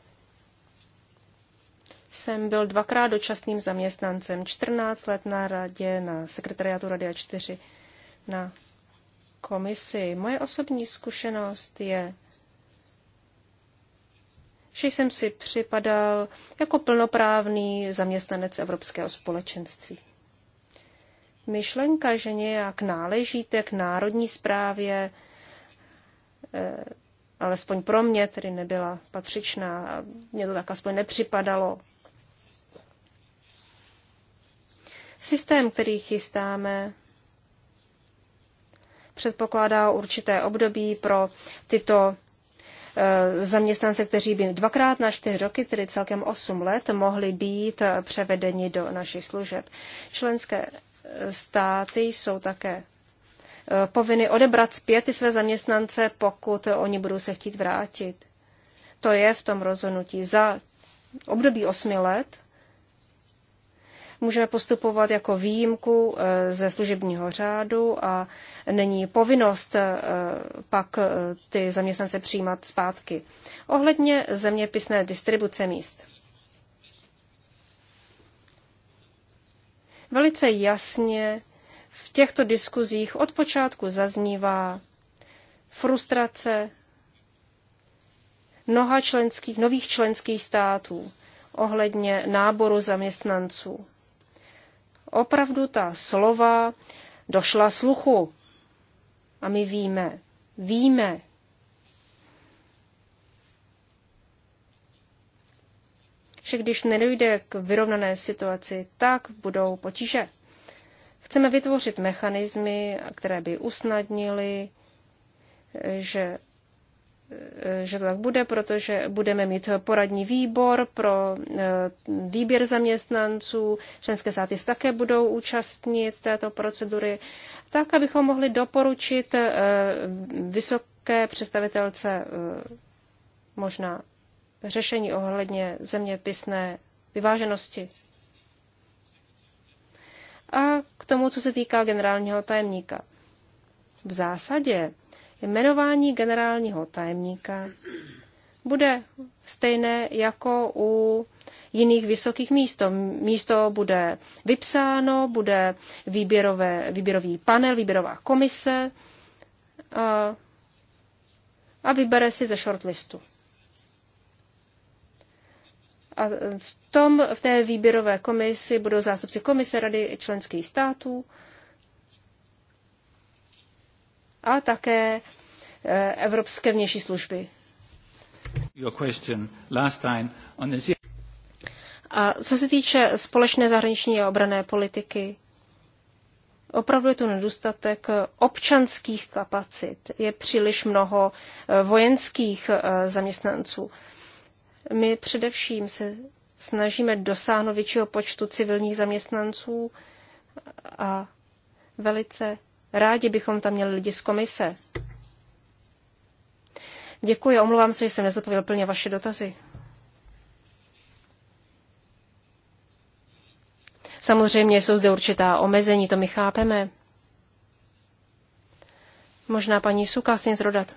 jsem byl dvakrát dočasným zaměstnancem, 14 let na radě, na sekretariátu Radia 4, na komisi. Moje osobní zkušenost je že jsem si připadal jako plnoprávný zaměstnanec Evropského společenství. Myšlenka, že nějak náležíte k národní správě, eh, alespoň pro mě tedy nebyla patřičná a mě to tak aspoň nepřipadalo. Systém, který chystáme, předpokládá určité období pro tyto Eh, zaměstnance, kteří by dvakrát na čtyři roky, tedy celkem osm let, mohli být eh, převedeni do našich služeb. Členské eh, státy jsou také povinny odebrat zpět ty své zaměstnance, pokud oni budou se chtít vrátit. To je v tom rozhodnutí za období osmi let můžeme postupovat jako výjimku eh, ze služebního řádu a není povinnost eh, pak eh, ty zaměstnance přijímat zpátky. Ohledně zeměpisné distribuce míst. Velice jasně v těchto diskuzích od počátku zaznívá frustrace mnoha členských, nových členských států ohledně náboru zaměstnanců opravdu ta slova došla sluchu. A my víme, víme, že když nedojde k vyrovnané situaci, tak budou potíže. Chceme vytvořit mechanismy, které by usnadnily, že Eh, že to tak bude, protože budeme mít poradní výbor pro eh, výběr zaměstnanců. Členské státy se také budou účastnit této procedury, tak abychom mohli doporučit eh, vysoké představitelce možná řešení ohledně zeměpisné vyváženosti. A k tomu, co se týká generálního tajemníka. V zásadě Jmenování generálního tajemníka bude stejné jako u jiných vysokých míst. Místo bude vypsáno, bude výběrové, výběrový panel, výběrová komise a, a vybere si ze shortlistu. A v, tom, v té výběrové komisi budou zástupci komise Rady členských států, a také eh, Evropské vnější služby. A co se týče společné zahraniční a obrané politiky, opravdu je tu nedostatek občanských kapacit. Je příliš mnoho eh, vojenských eh, zaměstnanců. My především se snažíme dosáhnout většího počtu civilních zaměstnanců a velice Rádi bychom tam měli lidi z komise. Děkuji, omlouvám se, že jsem nezodpověděl plně vaše dotazy. Samozřejmě jsou zde určitá omezení, to my chápeme. Možná paní Suka s rodat.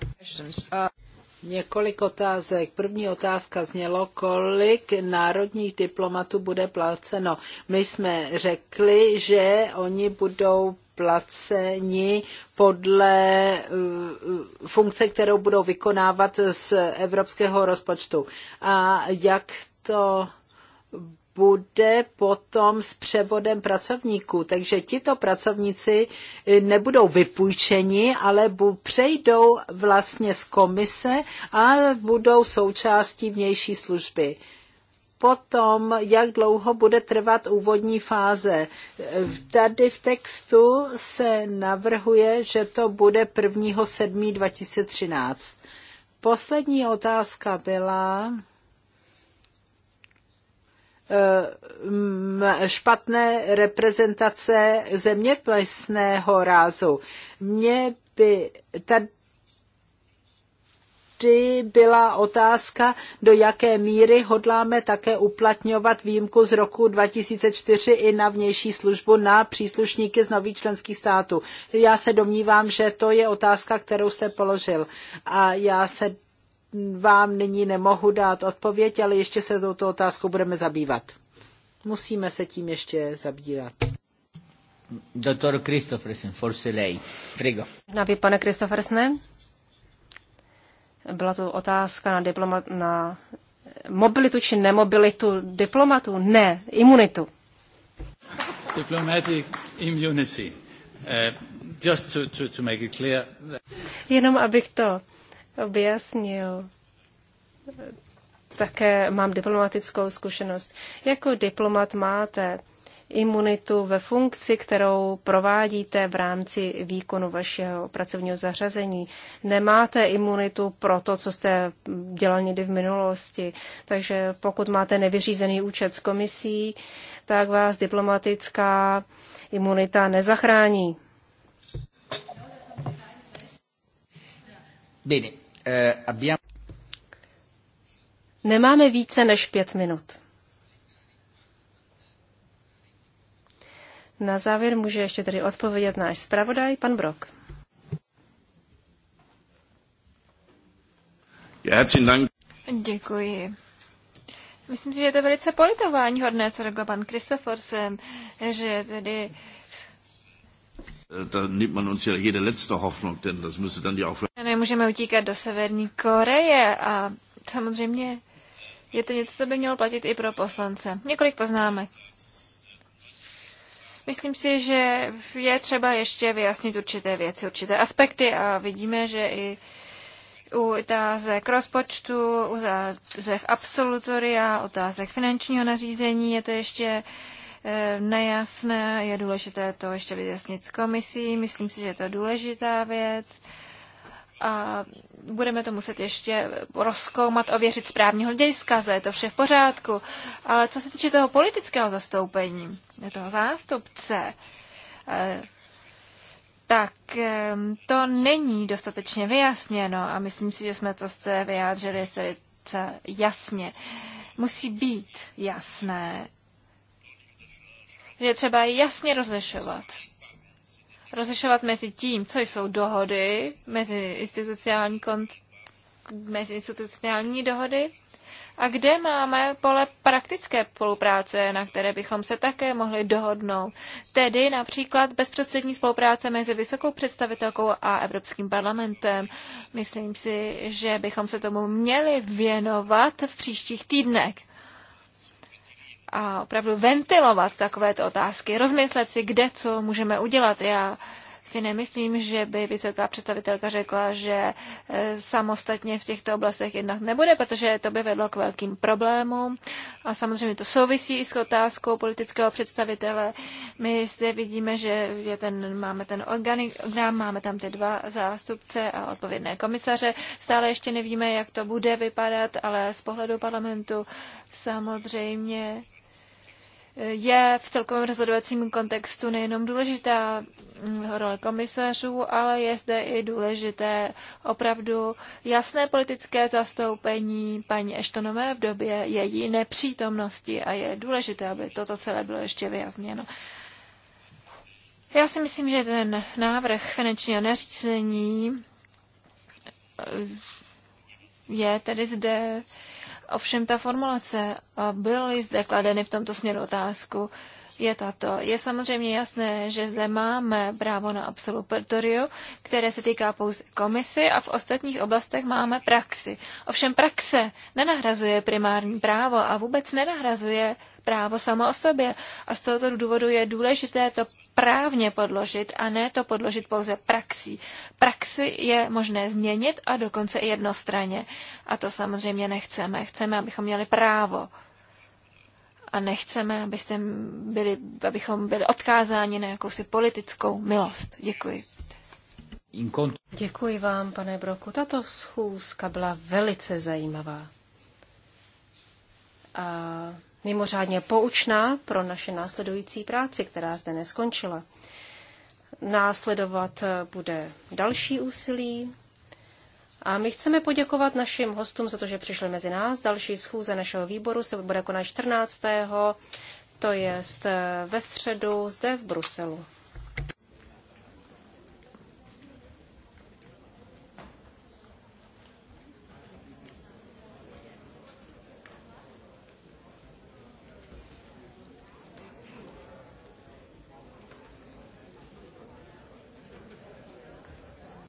Několik otázek. První otázka znělo, kolik národních diplomatů bude placeno. My jsme řekli, že oni budou placeni podle eh, funkce, kterou budou vykonávat z evropského rozpočtu. A jak to bude potom s převodem pracovníků. Takže tito pracovníci eh, nebudou vypůjčeni, ale přejdou vlastně z komise a budou součástí vnější služby potom, jak dlouho bude trvat úvodní fáze. Eh, tady v textu se navrhuje, že to bude 2013. Poslední otázka byla, špatné reprezentace zeměpisného rázu. Mě by tady vždy byla otázka, do jaké míry hodláme také uplatňovat výjimku z roku 2004 i na vnější službu na příslušníky z nových členských států. Já se domnívám, že to je otázka, kterou jste položil. A já se vám nyní nemohu dát odpověď, ale ještě se touto otázkou budeme zabývat. Musíme se tím ještě zabývat. Doktor Kristofersen forse lei. Prego. Na pane Kristoffersne? Byla to otázka na, diploma, na mobilitu či nemobilitu diplomatů? Ne, imunitu. Diplomatic immunity. Uh, just to, to, to make it clear. That... Jenom abych to objasnil. Také mám diplomatickou zkušenost. Jako diplomat máte imunitu ve funkci, kterou provádíte v rámci výkonu vašeho pracovního zařazení. Nemáte imunitu pro to, co jste dělal někdy v minulosti. Takže pokud máte nevyřízený účet s komisí, tak vás diplomatická imunita nezachrání. Bene. Eh, Nemáme více než pět minut. Na závěr může ještě tedy odpovědět náš zpravodaj, pan Brok. Děkuji. Myslím si, že je to velice politování hodné, co řekl pan Kristoforsem, že tedy Nemůžeme utíkat do Severní Koreje a samozřejmě je to něco, co by mělo platit i pro poslance. Několik poznámek. Myslím si, že je třeba ještě vyjasnit určité věci, určité aspekty a vidíme, že i u otázek rozpočtu, u otázek absolutoria, otázek finančního nařízení je to ještě uh, Eh, nejasné. Je důležité to ještě vyjasnit s komisí. Myslím si, že je to důležitá věc. A budeme to muset ještě rozkoumat, ověřit správního hlediska, je to vše v pořádku. Ale co se týče toho politického zastoupení, toho zástupce, eh, tak eh, to není dostatečně vyjasněno a myslím si, že jsme to zde vyjádřili velice jasně. Musí být jasné, je třeba jasně rozlišovat. Rozlišovat mezi tím, co jsou dohody, mezi institucionální, kont- mezi institucionální dohody a kde máme pole praktické spolupráce, na které bychom se také mohli dohodnout. Tedy například bezprostřední spolupráce mezi vysokou představitelkou a Evropským parlamentem. Myslím si, že bychom se tomu měli věnovat v příštích týdnech a opravdu ventilovat takovéto otázky, rozmyslet si, kde co můžeme udělat. Já si nemyslím, že by vysoká představitelka řekla, že e, samostatně v těchto oblastech jednak nebude, protože to by vedlo k velkým problémům. A samozřejmě to souvisí i s otázkou politického představitele. My zde vidíme, že je ten, máme ten organigram, máme tam ty dva zástupce a odpovědné komisaře. Stále ještě nevíme, jak to bude vypadat, ale z pohledu parlamentu samozřejmě je v celkovém rozhodovacím kontextu nejenom důležitá role komisařů, ale je zde i důležité opravdu jasné politické zastoupení paní Eštonové v době její nepřítomnosti a je důležité, aby toto celé bylo ještě vyjasněno. Já si myslím, že ten návrh finančního nařízení je tedy zde Ovšem ta formulace, byly zde kladeny v tomto směru otázku, je tato. Je samozřejmě jasné, že zde máme právo na absolutoriu, které se týká pouze komisy a v ostatních oblastech máme praxi. Ovšem praxe nenahrazuje primární právo a vůbec nenahrazuje právo samo o sobě. A z tohoto důvodu je důležité to právně podložit a ne to podložit pouze praxí. Praxi je možné změnit a dokonce i jednostranně. A to samozřejmě nechceme. Chceme, abychom měli právo a nechceme, abyste byli, abychom byli odkázáni na jakousi politickou milost. Děkuji. Děkuji vám, pane Broku. Tato schůzka byla velice zajímavá a mimořádně poučná pro naše následující práci, která zde neskončila. Následovat bude další úsilí a my chceme poděkovat našim hostům za to, že přišli mezi nás. Další schůze našeho výboru se bude konat 14. to je eh, ve středu zde v Bruselu.